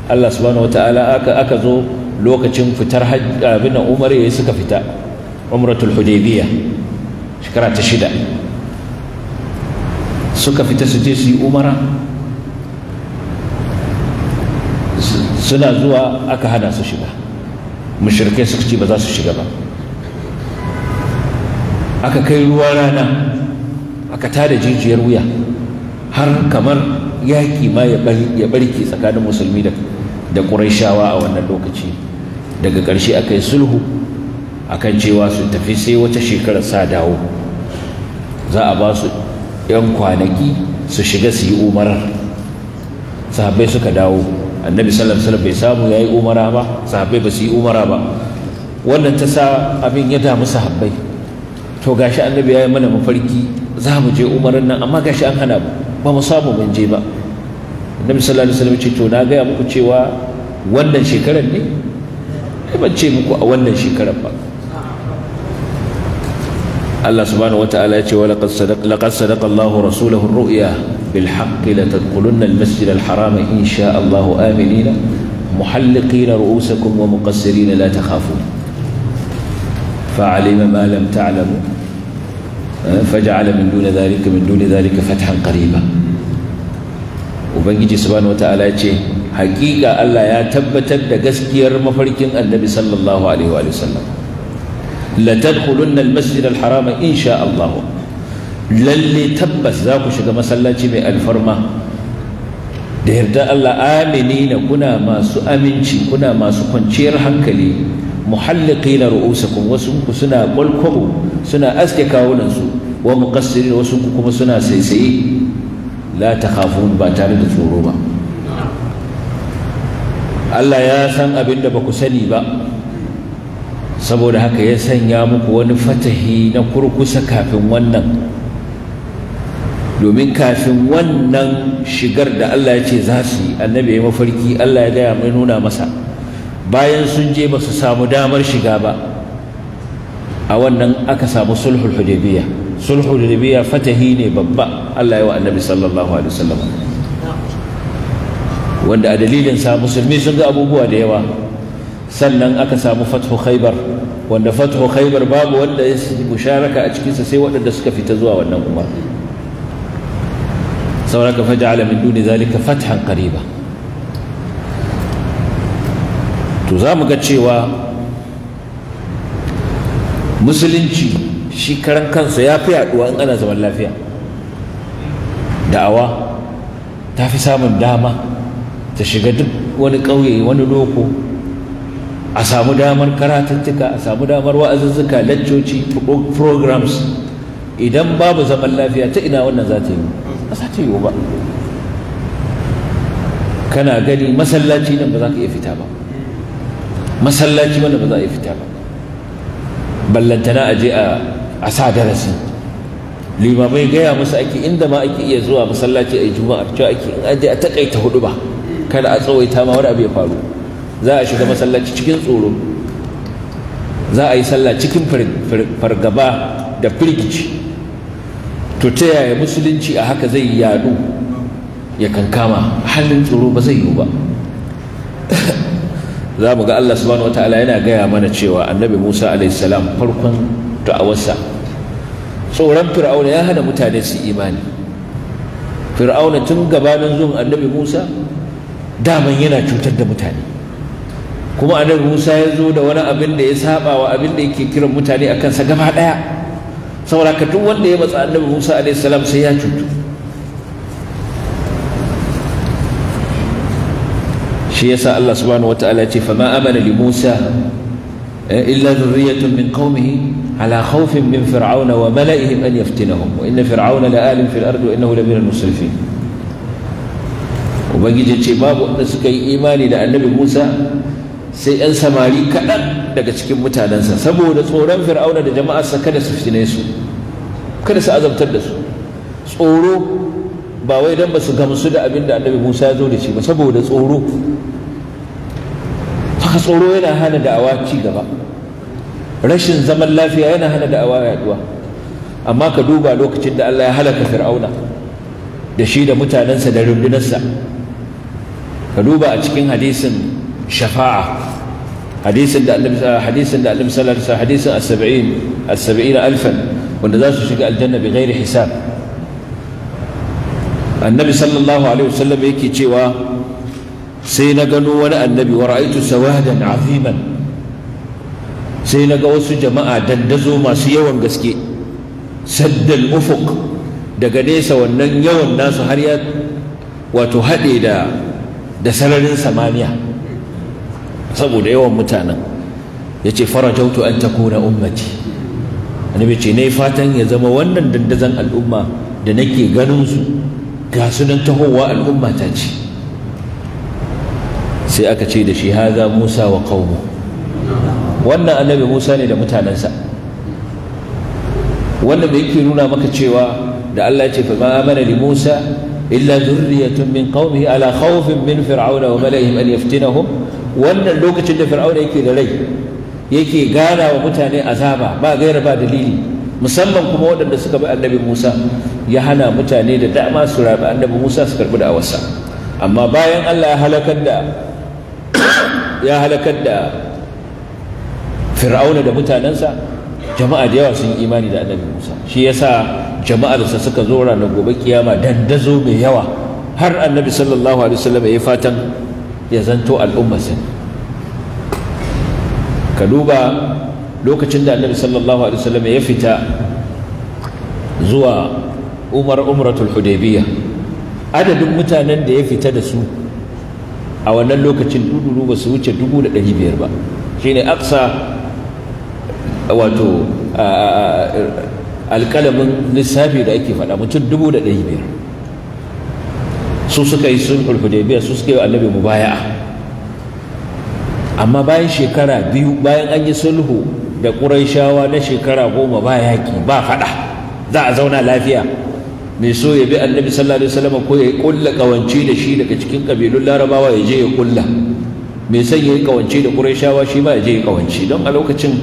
Allah subhanahu wataala aka aka zo lokacin fitar abin nan Umar yayi suka fita Umratul Hudaybiyah shekara ta shida suka fita su je su yi umara suna zuwa aka hana su shiga mushrikai suka ce ba za su shiga ba aka kai ruwa rana aka tada jijiyar wuya har kamar yaƙi ma ya barke tsakanin musulmi da ƙurashawa a wannan lokaci daga ƙarshe aka yi sulhu akan cewa su tafi sai wata shekarar sa dawo za a ba su 'yan kwanaki su shiga su yi umarar sahabbai suka dawo annabi sallallahu alaihi wasallam bai samu yayi umara ba sahabbai ba su yi umara ba wannan ta sa abin ya damu sahabbai to gashi annabi yayi mana mafarki za mu je umaran nan amma gashi an hana ba mu samu mun je ba annabi sallallahu alaihi wasallam ce to na gaya muku cewa wannan shekarar ne eh, ban ce muku a wannan shekarar ba Allah subhanahu wataala ya ce wa laqad sadaqa laqad sadaqa Allahu rasulahu ar-ru'ya بالحق لتدخلن المسجد الحرام إن شاء الله آمنين محلقين رؤوسكم ومقصرين لا تخافون فعلم ما لم تعلموا آه، فجعل من دون ذلك من دون ذلك فتحا قريبا وبنجي سبحانه وتعالى حقيقة الله يا تبت تقسكير مفرك النبي صلى الله عليه وآله وسلم لتدخلن المسجد الحرام إن شاء الله lalle tabbas za ku shiga masallaci mai alfarma da yarda Allah amini na kuna masu aminci kuna masu kwanciyar hankali na ru'usakun wasu ku suna kwalkwabo suna aske kawunansu wa muqassirin wasu ku kuma suna saisaye la takhafun ba tare da tsoro ba Allah ya san abin da ba ku sani ba saboda haka ya sanya muku wani fatahi na kurkusa kafin wannan domin kafin wannan shigar da Allah ya ce za su yi annabi ya mafarki Allah ya gaya mai nuna masa bayan sun je ba su samu damar shiga ba a wannan aka samu sulhul hudaybiya sulhul hudaybiya fatahi ne babba Allah ya wa annabi sallallahu alaihi wasallam wanda a dalilin sa musulmi sun ga abubuwa da yawa sannan aka samu fathu khaybar wanda fathu khaybar babu wanda ya musharaka a cikinsa sai waɗanda suka fita zuwa wannan umar sauraka faja'ala min duni zalika fathan qariba to za mu ga cewa musulunci shi kansa ya fi yaduwa in ana zaman lafiya da'awa ta fi samun dama ta shiga duk wani ƙauye wani loko a samu damar karatuttuka a samu damar wa'azuzzuka laccoci programs idan babu zaman lafiya ta ina wannan zata yi ba za ta yiwu ba kana gani masallaci nan ba za ka iya fita ba masallaci wanda ba za a iya fita ba ballantana a je a sa darasi limamai gaya musu ake inda ma ake iya zuwa masallaci a yi juma'ar cewa ake in an je a takaita hudu ba kada a tsawaita ma wani abu ya faru za a shiga masallaci cikin tsoro za a yi sallah cikin fargaba da firgici to ta yaya musulunci a haka zai yadu ya kankama halin tsoro ba zai yiwu ba za mu ga Allah subhanahu Ta'ala yana gaya mana cewa annabi Musa alaihi salam farkon da'awarsa tsoron fir'auna ya hana mutane su imani fir'auna tun gabanin zuwan annabi Musa daman yana cutar da mutane kuma annabi Musa ya zo da wani abin da ya saba wa abin da yake kiran mutane akan sa gaba daya saboda ka duk wanda ya matsa annabi Musa alaihi salam sai ya cutu shi yasa Allah subhanahu wataala ce fa ma amana li Musa eh, illa dhurriyyatun min qaumihi ala khawfin min fir'auna wa mala'ihim an yaftinahum wa inna fir'auna la'alim fil ardi wa innahu laminal musrifin ubangiji ce babu wanda suka yi imani da annabi Musa sai 'yan samari kaɗan daga cikin mutanensa saboda tsoron fir'auna da jama'arsa kada su fitine su kada su azabtar da su tsoro ba wai don ba su gamsu da abin da annabi musa ya zo da shi ba saboda tsoro haka tsoro yana hana da'awa ci gaba rashin zaman lafiya yana hana da'awa yaduwa amma ka duba lokacin da allah ya halaka fir'auna da shi da mutanensa da rundunarsa ka duba a cikin hadisin shafa'a hadisin da annabi da annabi sallallahu alaihi wasallam hadisin alfan wanda za su shiga aljanna bi ghairi hisab annabi sallallahu alaihi wasallam yake cewa sai na gano wani annabi wa ra'aytu sawadan aziman sai na ga wasu jama'a dandazo masu yawan gaske saddal ufuk daga nesa wannan yawan nasu har wato haɗe da sararin samaniya saboda yawan mutanen ya ce farajautu an takuna ummaci annabi ce na yi fatan ya zama wannan dandazon al'umma da nake ganin su ga su nan tahowa al'umma ta ce sai aka ce da shi haza musa wa qaumu wannan annabi musa ne da mutanensa wannan da yake nuna maka cewa da Allah ya ce fa ma amana li musa illa zurriyatun min qaumihi ala khawfin min fir'auna wa mala'ihim an yaftinahum wannan lokacin da fir'auna yake da rai yake gana wa mutane azaba ba gaira ba dalili musamman kuma waɗanda suka bi annabi Musa ya hana mutane da dama su rabi annabi Musa su karbi da'awarsa amma bayan Allah ya halakar da ya halakar da fir'auna da mutanensa jama'a da yawa sun imani da annabi Musa shi yasa jama'arsa suka zo ranar gobe kiyama dandazo mai yawa har annabi sallallahu alaihi wasallam ya fatan ya zanto al'ummarsa ka duba lokacin da annabi sallallahu alaihi wasallam ya fita zuwa umar umratul hudaybiyah adadin mutanen da ya fita da su a wannan lokacin duduru ba su wuce dubu da ɗari biyar ba shine aksa wato alƙalamin lissafi da ake faɗa mutum dubu da ɗari biyar su suka yi sulhul hudaybiya su suka yi annabi mubaya'a amma bayan shekara biyu bayan an yi sulhu da ƙuraishawa na shekara goma ba yaƙi ba faɗa za a zauna lafiya mai so ya bi annabi sallallahu alaihi wasallam ko ya kulla ƙulla ƙawance da shi daga cikin ƙabilun larabawa ya je ya ƙulla mai son ya yi ƙawance da ƙuraishawa shi ma ya je ya ƙawance don a lokacin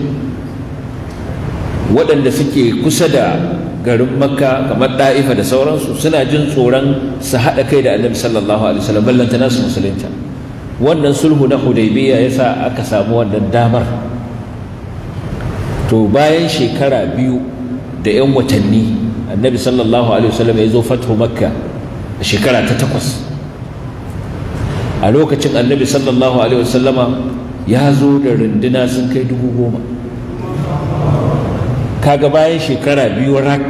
waɗanda suke kusa da garin makka kamar da'ifa da sauransu suna jin tsoron su haɗa kai da annabi sallallahu alaihi wasallam ballantana su musulunta wannan sulhu na hudaybiya yasa aka samu wannan damar to bayan shekara biyu da 'yan watanni annabi sallallahu alaihi wasallam ya zo fathu makka a shekara ta takwas a lokacin annabi sallallahu alaihi wasallama ya zo da runduna sun kai dubu goma kaga bayan shekara biyu rak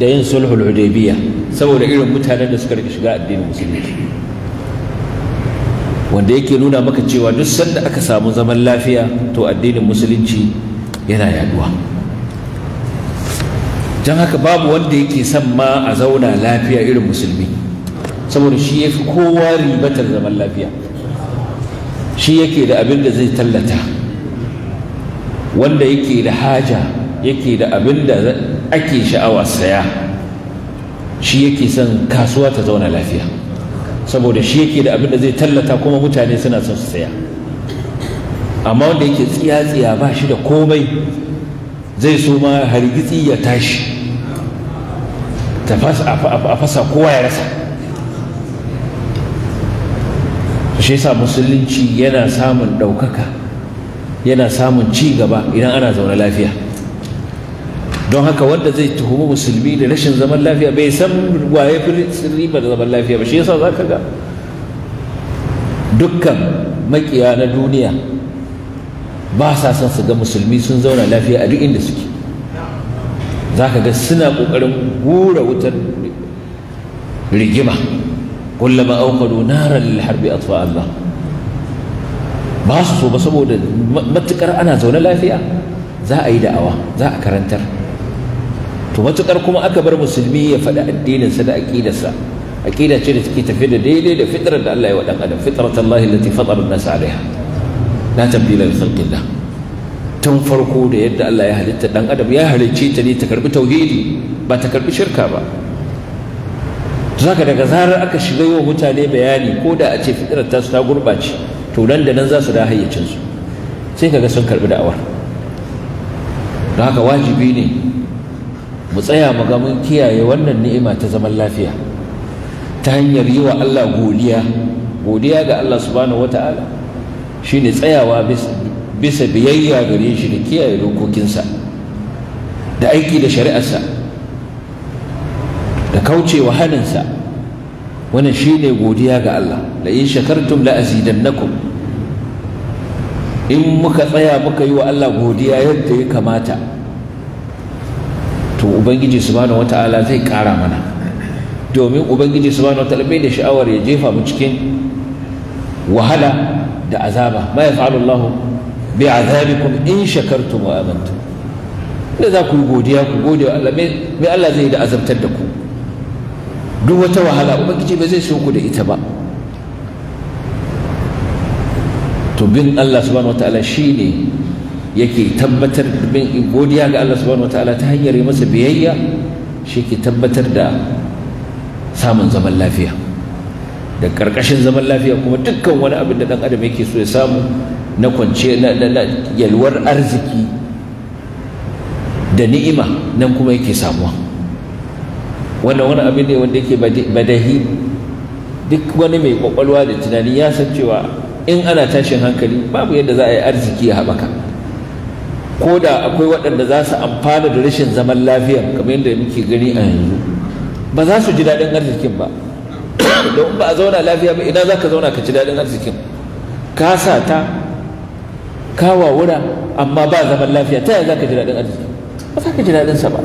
da yin sulhul hudaybiya saboda irin mutanen da suka rika shiga addinin musulunci wanda yake nuna maka cewa duk sanda aka samu zaman lafiya to addinin musulunci yana yaduwa don haka babu wanda yake son ma a zauna lafiya irin musulmi saboda shi ya fi kowa ribatar zaman lafiya shi yake da abin da zai tallata wanda yake da haja yake da abin da ake sha'awa saya shi yake son kasuwa ta zauna lafiya saboda shi yake da abin da zai tallata kuma mutane suna son su saya amma wanda yake tsiya-tsiya ba shi da komai zai so ma hargitsi ya tashi a fasa kowa ya rasa shi yasa musulunci yana samun ɗaukaka yana samun ci gaba idan ana zaune lafiya don haka wanda zai tuhumi musulmi da rashin zaman lafiya bai san waye sirri ba da zaman lafiya ba shi yasa za ka ga dukkan makiya na duniya ba sa son su ga musulmi sun zauna lafiya a duk inda suke za ka ga suna ƙoƙarin gura wutar rigima kullama auqadu naran lil harbi atfa Allah ba su so ba saboda matukar ana zaune lafiya za a yi da'awa za a karantar to matukar kuma aka bar musulmi ya faɗi addininsa da aƙidarsa aƙida ce da take tafi da daidai da fitrar da Allah ya wa ɗan adam fitrat Allah allati fatara an-nas alaiha la tabdila li khalqillah tun farko da yadda Allah ya halitta ɗan adam ya halicce ta ne ta karbi tauhidi ba ta karbi shirka ba zaka daga zarar aka shiga yau mutane bayani ko da a ce fitrar ta su ta gurɓace to nan da nan za su da hayyacinsu sai kaga sun karbi da'awar don haka wajibi ne mu tsaya mu ga mun kiyaye wannan ni'ima ta zaman lafiya ta hanyar yi wa Allah godiya godiya ga Allah subhanahu wata'ala shine tsayawa bisa biyayya gare shi da kiyaye dokokinsa da aiki da shari'arsa da kaucewa haninsa wannan shine godiya ga Allah la in shakartum la azidannakum in muka tsaya muka yi wa Allah godiya yadda ya kamata to ubangiji subhanahu wataala zai ƙara mana domin ubangiji subhanahu wataala bai da sha'awar ya jefa mu cikin wahala da azaba ma yaf'alu Allah bi azabikum in shakartum wa amantum da za ku yi godiya ku gode wa Allah me Allah zai da azabtar da ku duk wata wahala ubangiji ba zai so ku da ita ba to bin Allah subhanahu wataala shine yake tabbatar min godiya ga Allah subhanahu wataala ta hanyar masa biyayya shi ke tabbatar da samun zaman lafiya da karkashin zaman lafiya kuma dukkan wani abin da dan adam yake so ya samu na kwance na yalwar arziki da ni'ima nan kuma yake samuwa wannan wani abin ne wanda yake badahi duk wani mai kwakwalwa da tunani ya san cewa in ana tashin hankali babu yadda za a yi arziki ya haɓaka ko da akwai waɗanda za su amfana da rashin zaman lafiya kamar yadda muke gani a yanzu ba za su ji daɗin arzikin ba don ba a zauna lafiya ba ina za ka zauna ka ci daɗin arzikin ka sa ta, ka wawura amma ba zaman lafiya ta yaya za ka ji daɗin arzikin ba za ka ji daɗin sa ba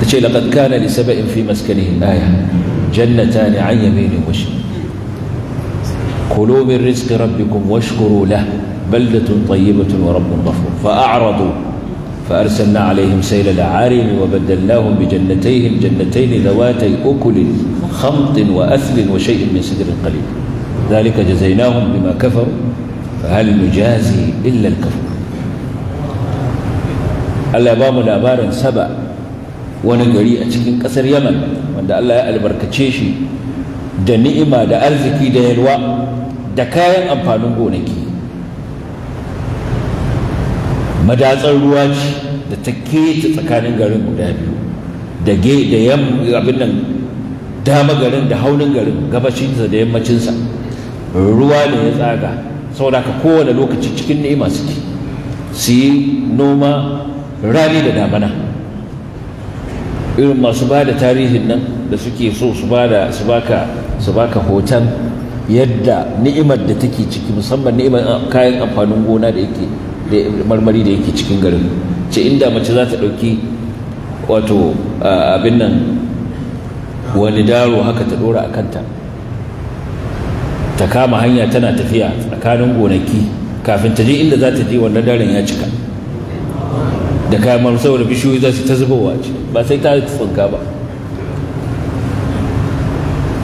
ta ce laqad kana li sab'in fi maskanihim aya jannatan an yaminin washi kulu min rizqi rabbikum washkuru lahu بلدة طيبة ورب غفور فأعرضوا فأرسلنا عليهم سيل العارم وبدلناهم بجنتيهم جنتين ذواتي أكل خمط وأثل وشيء من سدر قليل ذلك جزيناهم بما كفروا فهل نجازي إلا الكفور Allah ya ba سبع labarin saba wani gari a cikin ƙasar yaman wanda Allah ya albarkace shi da ni'ima كاين arziki da madatsar ruwa ce da ta keta tsakanin garin guda biyu da ge da yam abin nan dama garin da haunin garin gabashinsa da yammacinsa ruwa ne ya tsaga saboda ka kowane lokaci cikin ni'ima suke su yi noma rani da damana irin masu ba da tarihin nan da suke so su ba da su baka su baka hoton yadda ni'imar da take ciki musamman ni'imar ah, kayan amfanin gona da yake marmari da yake cikin garin ce inda mace za ta ɗauki wato abin nan wani daro haka ta ɗora a kanta ta kama hanya tana tafiya tsakanin gonaki kafin ta je inda za ta je wannan daren ya cika da kayan maru saboda bishiyoyi za su ta zubowa ce ba sai ta tsinka ba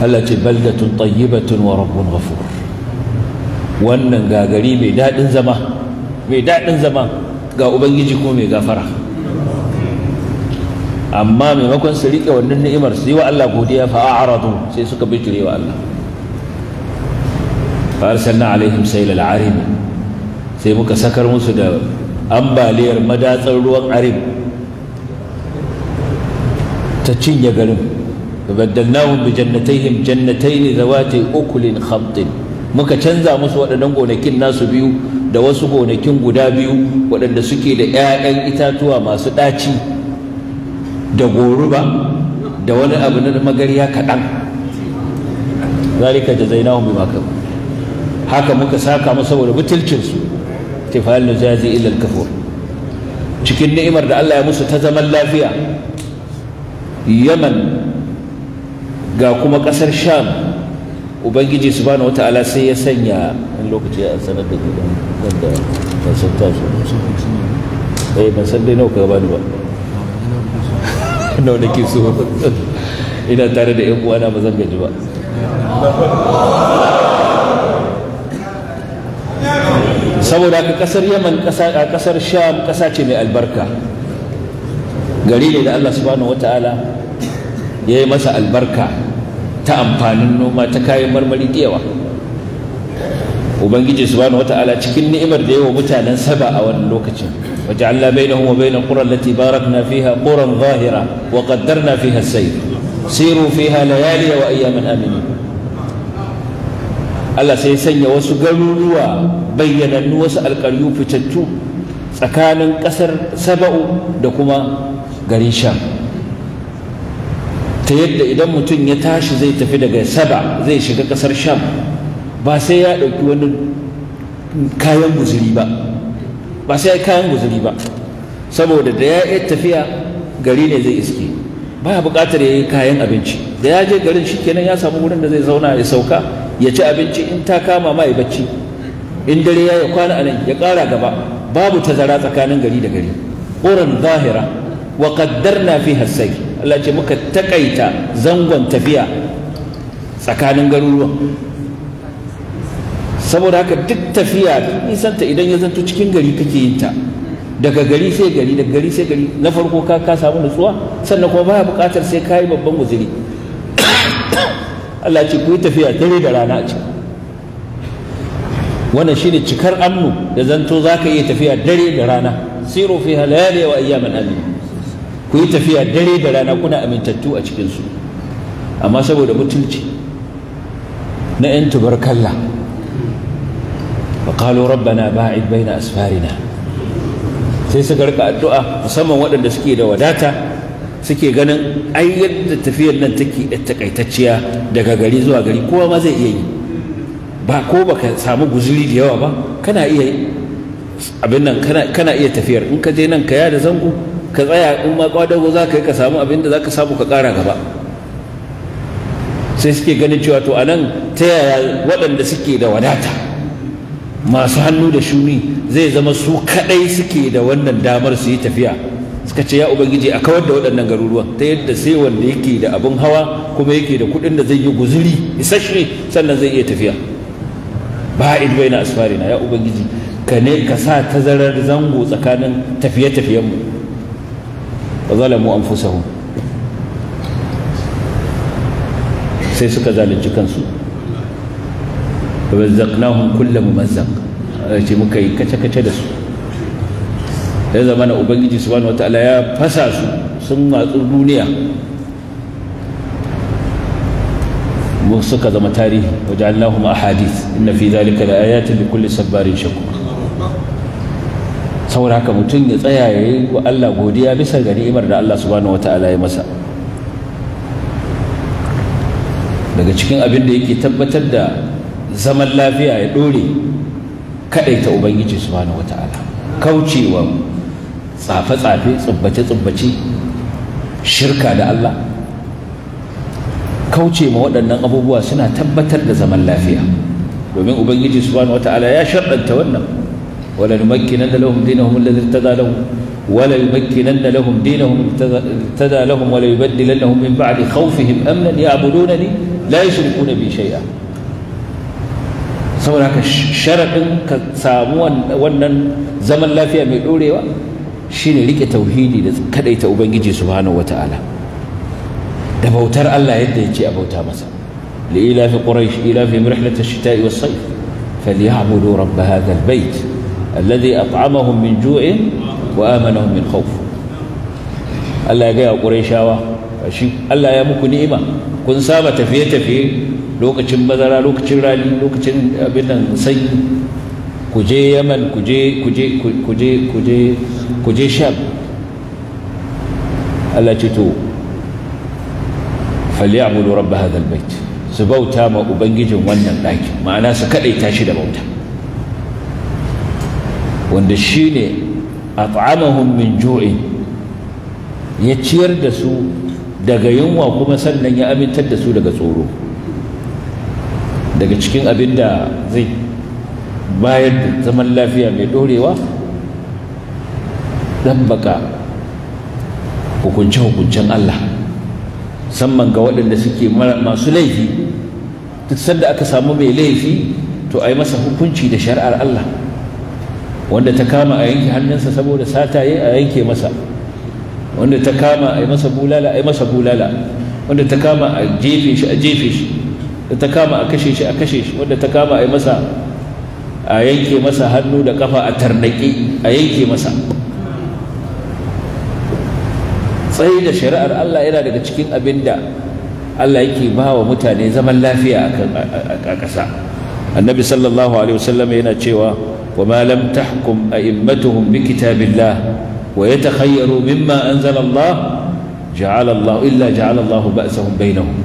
Allah ce baldatun tayyibatun wa rabbun ghafur wannan gagari mai daɗin zama mai daɗin zaman ga ubangiji ko mai gafara amma maimakon su riƙe wannan ni'imar su yi wa Allah godiya fa a'radu sai suka bijire wa Allah fa arsalna alaihim sayla al'arim sai muka sakar musu da ambaliyar madatsar ruwan arim ta cinye garin baddalnahum bi jannatayhim jannatayn zawati ukulin khamtin muka canza musu waɗannan gonakin nasu biyu da wasu gonakin guda biyu waɗanda suke da 'ya'yan itatuwa masu ɗaci da goruba da wani abu na magarya kaɗan zalika jazainahum bima kafaru haka muka saka musu saboda butulcinsu tifal zai illa kafur cikin ni'imar da Allah ya musu ta zaman lafiya Yaman ga kuma ƙasar Sham ubangiji su wata ala sai ya sanya wani lokaci a sanar da gida wanda ban san su eh ban san dai nawa ka bani ba nawa nake so ina tare da yan uwana ba zan gaji ba saboda ka kasar yaman kasar sham kasa ce mai albarka gari ne da allah subhanahu wata'ala ya yi masa albarka ta amfanin noma ta kayan marmari da yawa ubangiji subhanahu wata'ala cikin ni'imar da yawa mutanen saba a wani lokacin waja'alna bainahum wa bainal qura allati barakna fiha quran zahira wa qaddarna fiha as-sayr siru fiha layali wa ayyaman aminin Allah sai sanya wasu garuruwa bayyanannu wasu alƙaryu fitattu tsakanin ƙasar saba'u da kuma garin sham ta yadda idan mutum ya tashi zai tafi daga saba zai shiga ƙasar sham ba sai ya ɗauki wani kayan guzuri ba ba sai ya kayan guzuri ba saboda da ya yi tafiya gari ne zai iske ba ya buƙatar ya yi kayan abinci da ya je garin shi kenan ya samu wurin da zai zauna ya sauka ya ci abinci in ta kama ma ya bacci in dare ya kwana anan ya ƙara gaba babu tazara tsakanin gari da gari ƙoran zahira wa qaddarna fi as Allah ce muka takaita zangon tafiya tsakanin garuruwan saboda haka duk tafiya nisanta idan ya zanto cikin gari kake yin ta daga gari sai gari daga gari sai gari na farko ka ka samu nutsuwa sannan kuma baya buƙatar sai ka yi babban guzuri Allah ce ku yi tafiya dare da rana ce wannan shine cikar amnu da zanto zaka iya tafiya dare da rana siru fiha layali wa ayyaman amin ku yi tafiya dare da rana kuna amintattu a cikinsu amma saboda mutunci na 'yan tubarkalla faƙalo rabbana ba'id baina asfarina sai su garka addu'a musamman waɗanda suke da wadata suke ganin ai yadda tafiyar nan take da takaitacciya daga gari zuwa gari kowa ma zai iya yi ba ko baka samu guzuri da yawa ba kana iya kana iya tafiyar in ka je nan ka yada zango ka tsaya in ma kwadago za ka yi ka samu abin da za ka samu ka kara gaba sai suke ganin cewa to anan ta yaya waɗanda suke da wadata masu hannu da shuni zai zama su kaɗai suke da wannan damar su yi tafiya suka ce ya ubangiji a kawar da waɗannan garuruwan ta yadda sai wanda yake da abin hawa kuma yake da kuɗin da zai yi guzuri isashe sannan zai iya tafiya ba na asfari na ya ubangiji ka ne ka sa tazarar zango tsakanin tafiye-tafiyenmu zalamu anfusahum sai suka zalunci kansu fa mazzaqnahum da su ya ubangiji subhanahu wataala ya fasa su sun matsu duniya mu zama tarihi wajen saboda haka mutum ya tsaya ya yi wa Allah godiya bisa ga ni'imar da Allah subhanahu wata'ala ya masa daga cikin abin da yake tabbatar da zaman lafiya ya dore ta ubangiji subhanahu wata'ala kaucewa tsafe-tsafe tsubbace-tsubbace shirka da Allah kauce ma waɗannan abubuwa suna tabbatar da zaman lafiya domin ubangiji subhanahu wata'ala ya sharɗanta wannan ولنمكنن لهم دينهم الذي ارتدى لهم وليمكنن لهم دينهم ارتدى لهم وليبدلنهم من بعد خوفهم امنا يعبدونني لا يشركون بي شيئا saboda haka sharaɗin ka samu wannan zaman lafiya mai ɗorewa shine rike tauhidi da kadaita ubangiji subhanahu wataala da bautar Allah yadda ya ce a bauta masa li ila fi quraish ila fi rihlatish shita'i was-sayf falyabudu rabb hadha al-bayt alladhi at'amahum min ju'in wa amanahum min khawf Allah ya gaya Qurayshawa shi Allah ya muku ni'ima kun saba tafiye tafiye lokacin bazara lokacin rani lokacin abin nan sanyi ku je Yaman ku je ku je ku je ku je ku je Sham Allah ce to falyabudu rabb hadha albayt su bauta ma ubangijin wannan ɗakin ma'ana su kadaita shi da bauta wanda shi shine tsamahun min ju'in ya ciyar da su daga yunwa kuma sannan ya amintar da su daga tsoro daga cikin abin da zai bayar da zaman lafiya mai ɗorewa? baka hukunce-hukuncen Allah musamman ga waɗanda suke masu laifi duk sanda aka samu mai laifi to a yi masa hukunci da shari'ar Allah wanda ta kama a yanke hannunsa saboda sataye a yanke masa wanda ta kama a yi masa bulala a yi masa bulala wanda ta kama a jefe shi a jefe shi wanda ta kama a kashe shi a kashe shi wanda ta kama a yi masa a yanke masa hannu da kafa a tarnaƙi a yanke masa tsayi da shari'ar Allah yana daga cikin abin da Allah yake ba wa mutane zaman lafiya a ƙasa annabi sallallahu alaihi wasallam yana cewa وما لم تحكم أئمتهم بكتاب الله ويتخيروا مما أنزل الله جعل الله إلا جعل الله بأسهم بينهم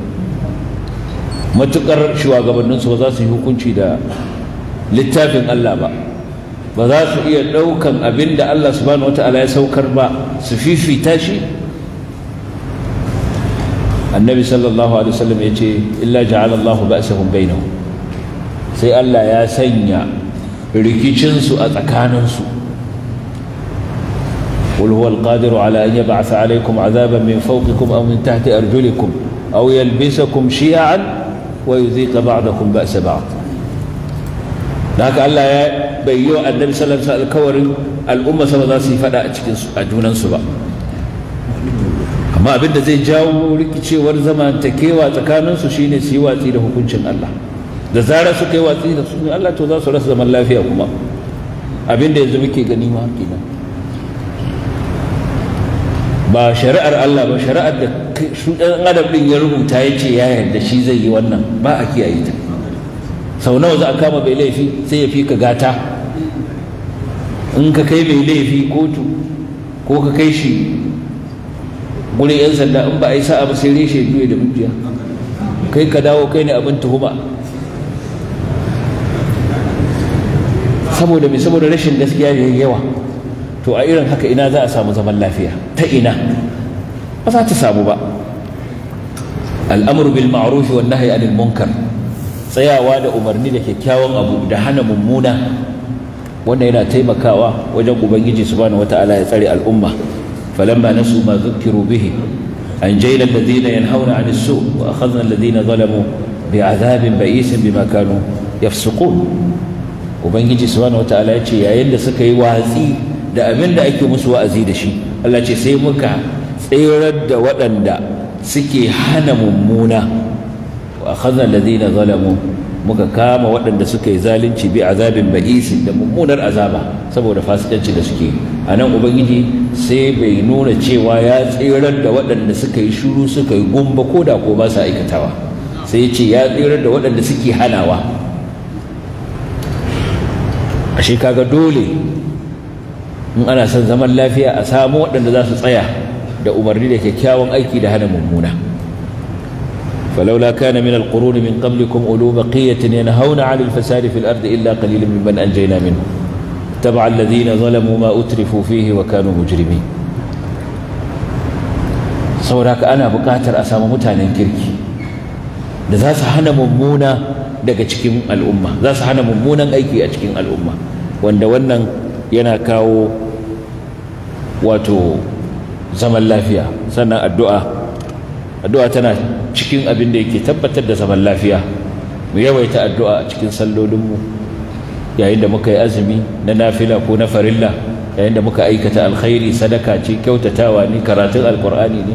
ما تقرر شو قبل ننس وزاسي هو كنش دا للتابن ألا با وذات هي لو كان أبن دا الله سبحانه وتعالى يسو كربا سفيفي تاشي النبي صلى الله عليه وسلم يجي إلا جعل الله بأسهم بينهم سي الله يا سيّا rikicinsu a tsakaninsu ulhu alƙadiru ala an yaba a sa'alai kuma azaban min fauƙi kuma an min tahti arjuli kum a wuyar bisa kum shi'a'an wa yi zai ƙaba da ba su ba da haka allah ya bayyo a dan salarsa alkawarin al'umma sama za su yi faɗa a junansu ba amma da zai jawo rikicewar zamantakewa tsakaninsu shine su watsi da hukuncin allah da zarar suka yi watsi da su Allah to za su rasa zaman lafiya kuma abin da yanzu muke gani ma kenan ba shari'ar Allah ba shari'ar da shi ɗan adam ɗin ya rubuta ya ce ya yarda shi zai yi wannan ba a kiyaye ta sau nawa za a kama bai laifi sai ya fi ka gata in ka kai mai laifi kotu ko ka kai shi gurin 'yan sanda in ba a yi sa'a ba sai reshe biyu da mujiya kai ka dawo kai ne abin tuhuma saboda mai saboda rashin gaskiya ya yawa to a irin haka ina za a samu zaman lafiya ta ina ba za ta samu ba al'amru bil ma'ruf wan nahyi anil munkar tsayawa da umarni da kyakkyawan abu da hana mummuna wannan yana taimakawa wajen ubangiji subhanahu wataala ya tsare al'umma falamma nasu ma zukkiru bihi أنجينا الذين ينهون عن السوء وأخذنا الذين ظلموا بعذاب بئيس بما كانوا يفسقون ubangiji subhanahu wataala ya ce yayin da suka yi watsi da abin da ake musu wa'azi da shi Allah ce sai muka tserar da waɗanda suke hana mummuna wa akhadna alladhina zalamu muka kama waɗanda suka yi zalunci bi azabin ba'isi da mummunar azaba saboda fasikanci da suke a nan ubangiji sai bai nuna cewa ya tserar da waɗanda suka yi shuru suka yi gumba ko da ko ba sa aikatawa sai ya ce ya tserar da waɗanda suke hanawa ashe kaga dole in ana son zaman lafiya a samu waɗanda za su tsaya da umarni da kyakkyawan aiki da hana mummuna فلولا كان من القرون من قبلكم أولو بقية ينهون عن الفساد في الأرض إلا قليل ممن أنجينا منه تبع الذين ظلموا ما أترفوا فيه وكانوا مجرمين ana buƙatar a samu mutanen kirki da za su hana mummuna daga cikin al'umma za su hana mummunan aiki a cikin al'umma wanda wannan yana kawo wato zaman lafiya sannan addu'a addu'a tana cikin abin da yake tabbatar da zaman lafiya mu yawaita addu'a a cikin sallolinmu yayin da muka yi azumi na nafila ko na farilla yayin da muka aikata alkhairi sadaka ce kyautatawa ne karatun alkur'ani ne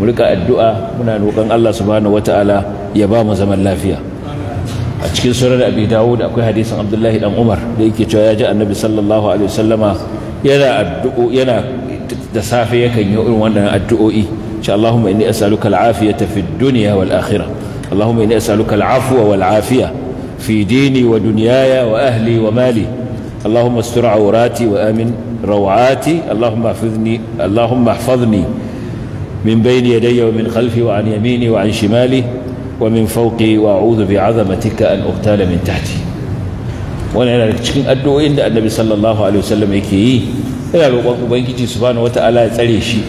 mu rika addu'a muna roƙon Allah subhanahu wataala ya ba mu zaman lafiya a cikin surar abi dawud akwai hadisin abdullahi dan umar da yake cewa ya ji annabi sallallahu alaihi wasallama yana addu'o yana da safe yakan yi irin wannan addu'o'i insha Allahumma inni as'aluka al'afiyata fid dunya wal akhirah Allahumma inni as'aluka al'afwa wal afiya fi wa dunyaya wa ahli wa mali اللهم استر عوراتي وامن روعاتي اللهم احفظني اللهم احفظني من بين يدي ومن خلفي وعن يميني وعن شمالي ومن فوقي وأعوذ بعظمتك أن أغتال من تحتي wani yana da cikin addu'o'in da annabi sallallahu yake yi yana roƙon ubangiji subhanahu wata'ala ya tsare shi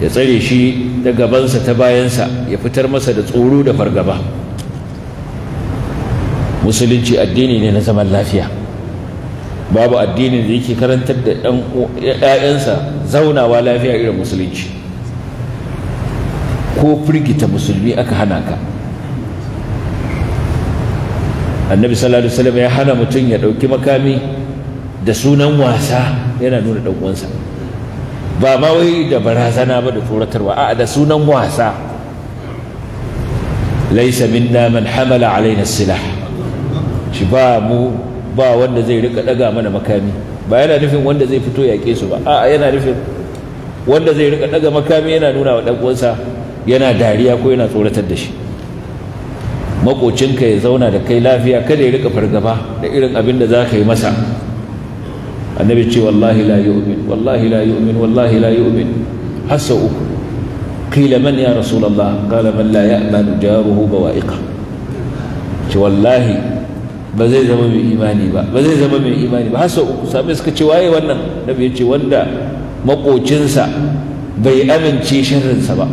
ya tsare shi da gabansa ta bayansa ya fitar masa da tsoro da fargaba musulunci addini ne na zaman lafiya babu addinin da yake karantar da 'ya'yansa zaunawa lafiya irin musulunci ko firgita musulmi aka hana ka annabi sallallahu alaihi wasallam ya hana mutum ya ɗauki makami da sunan wasa yana nuna ɗan ba ma wai da barazana ba da tsoratarwa a'a da sunan wasa laisa minna man hamala alaina silah shi ba mu ba wanda zai rika daga mana makami ba yana nufin wanda zai fito yaƙe su ba a'a yana nufin wanda zai rika daga makami yana nuna wa ɗan uwansa yana dariya ko yana tsoratar da shi makocinka ya zauna da kai lafiya kada ya rika fargaba da irin abin da za ka yi masa annabi ce wallahi la yu'min wallahi la yu'min wallahi la yu'min har uku qila man ya rasulullah qala man la ya'manu jaruhu bawa'iqa ce wallahi ba zai zama mai imani ba ba zai zama mai imani ba har uku sami suka ce waye wannan nabi ya ce wanda makocinsa bai amince sharrinsa ba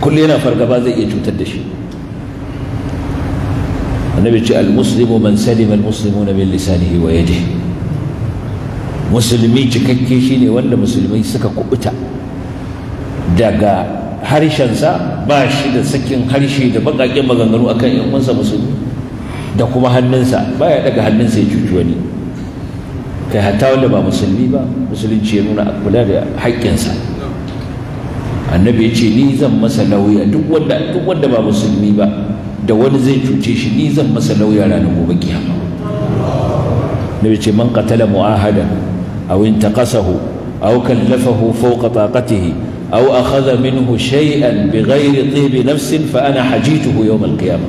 kullum yana fargaba zai iya cutar da shi annabi ce al-muslimu man salima al na min lisanihi wa yadi musulmi cikakke shi ne wanda musulmai suka kubuta daga harshensa ba shi da sakin harshe da baƙaƙen maganganu akan yan uwansa musulmi da kuma hannunsa ya daga hannun sa ya cuci wani kai hatta wanda ba musulmi ba musulunci ya nuna a kula da haƙƙinsa annabi ya ce ni zan masa lauya duk wanda duk wanda ba musulmi ba da wani zai cuce shi ni zan masa lauya ranar gobe kiyama nabi ce man qatala mu'ahada aw intaqasahu aw kallafahu fawqa taqatihi aw akhadha minhu shay'an bighairi tibi nafsin fa ana hajituhu yawm al-qiyamah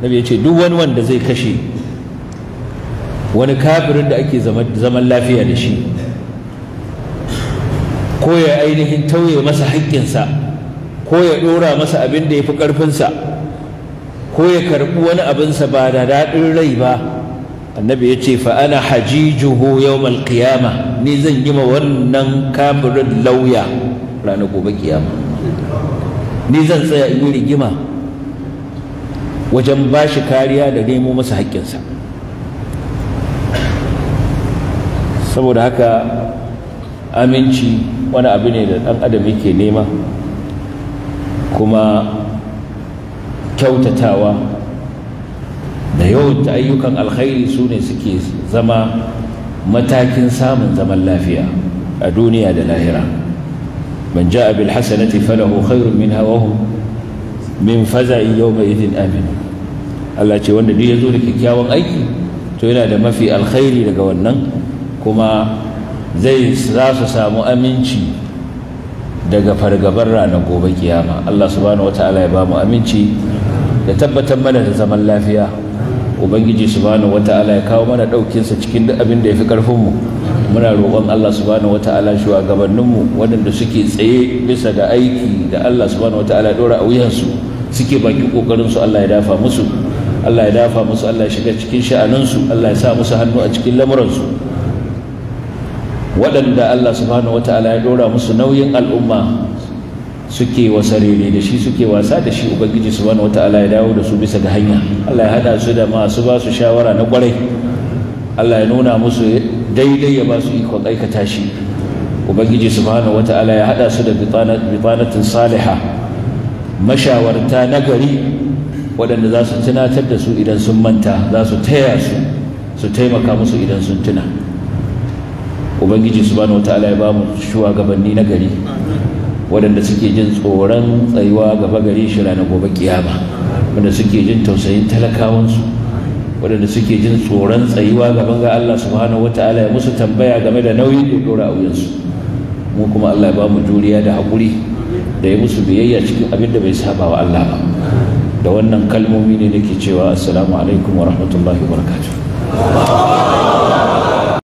ya ce duk wani wanda zai kashe wani kafirin da ake zaman lafiya da shi ko ya ainihin tauye masa haƙƙinsa ko ya ɗora masa abin da ya fi ƙarfinsa ko ya karɓi wani abinsa ba da daɗin rai ba annabi ya ce fa'ana hajijuhu yau malkiyama ni zan yi ma wannan kafirin lauya ranar gobe kiyama ni zan tsaya in yi rigima wajen ba shi kariya da nemo masa haƙƙinsa saboda haka aminci wani abu ne da ɗan adam yake nema kuma kyautatawa da yawan ayyukan alkhairi su ne suke zama matakin samun zaman lafiya a duniya da lahira man ja'a bil hasanati falahu khairun minha wa hum min faza'i yawma idhin amin Allah ce wanda duk ya zo da kyakkyawan aiki to yana da mafi alkhairi daga wannan kuma zai za su samu aminci daga fargabar ranar gobe kiyama Allah subhanahu wata'ala ya ba mu aminci da tabbatar mana da zaman lafiya ubangiji subhanahu wata'ala ya kawo mana ɗaukinsa cikin duk abin da ya fi ƙarfinmu muna roƙon Allah subhanahu wata'ala shugabanninmu waɗanda suke tsaye bisa ga aiki da Allah subhanahu wata'ala ɗora a wuyansu suke baki ƙoƙarinsu Allah ya dafa musu Allah ya dafa musu Allah ya shiga cikin sha'aninsu Allah ya sa musu hannu a cikin lamuransu waɗanda Allah subhanahu ya ɗora musu nauyin al'umma suke wasarere da shi suke wasa da shi ubangiji subhanahu wata'ala ya dawo da su bisa ga hanya Allah ya hada su da masu ba su shawara na ƙwarai Allah ya nuna musu daidai ya ba su ikon aikata shi ubangiji subhanahu ya hada su da bitanatin saliha mashawarta nagari waɗanda za su tunatar da su idan sun manta za su taya su su taimaka musu idan sun tuna ubangiji subhanahu wataala ya ba shugabanni na gari waɗanda suke jin tsoron tsayuwa gaba gari shi ranar gobe kiyama wadanda suke jin tausayin talakawansu wadanda suke jin tsoron tsayuwa gaban ga Allah subhanahu wataala ya musu tambaya game da nauyin da dora a su mu kuma Allah ya ba juriya da hakuri da ya musu biyayya cikin abin da bai saba wa Allah ba da wannan kalmomi ne nake cewa assalamu alaikum wa rahmatullahi wa barakatuh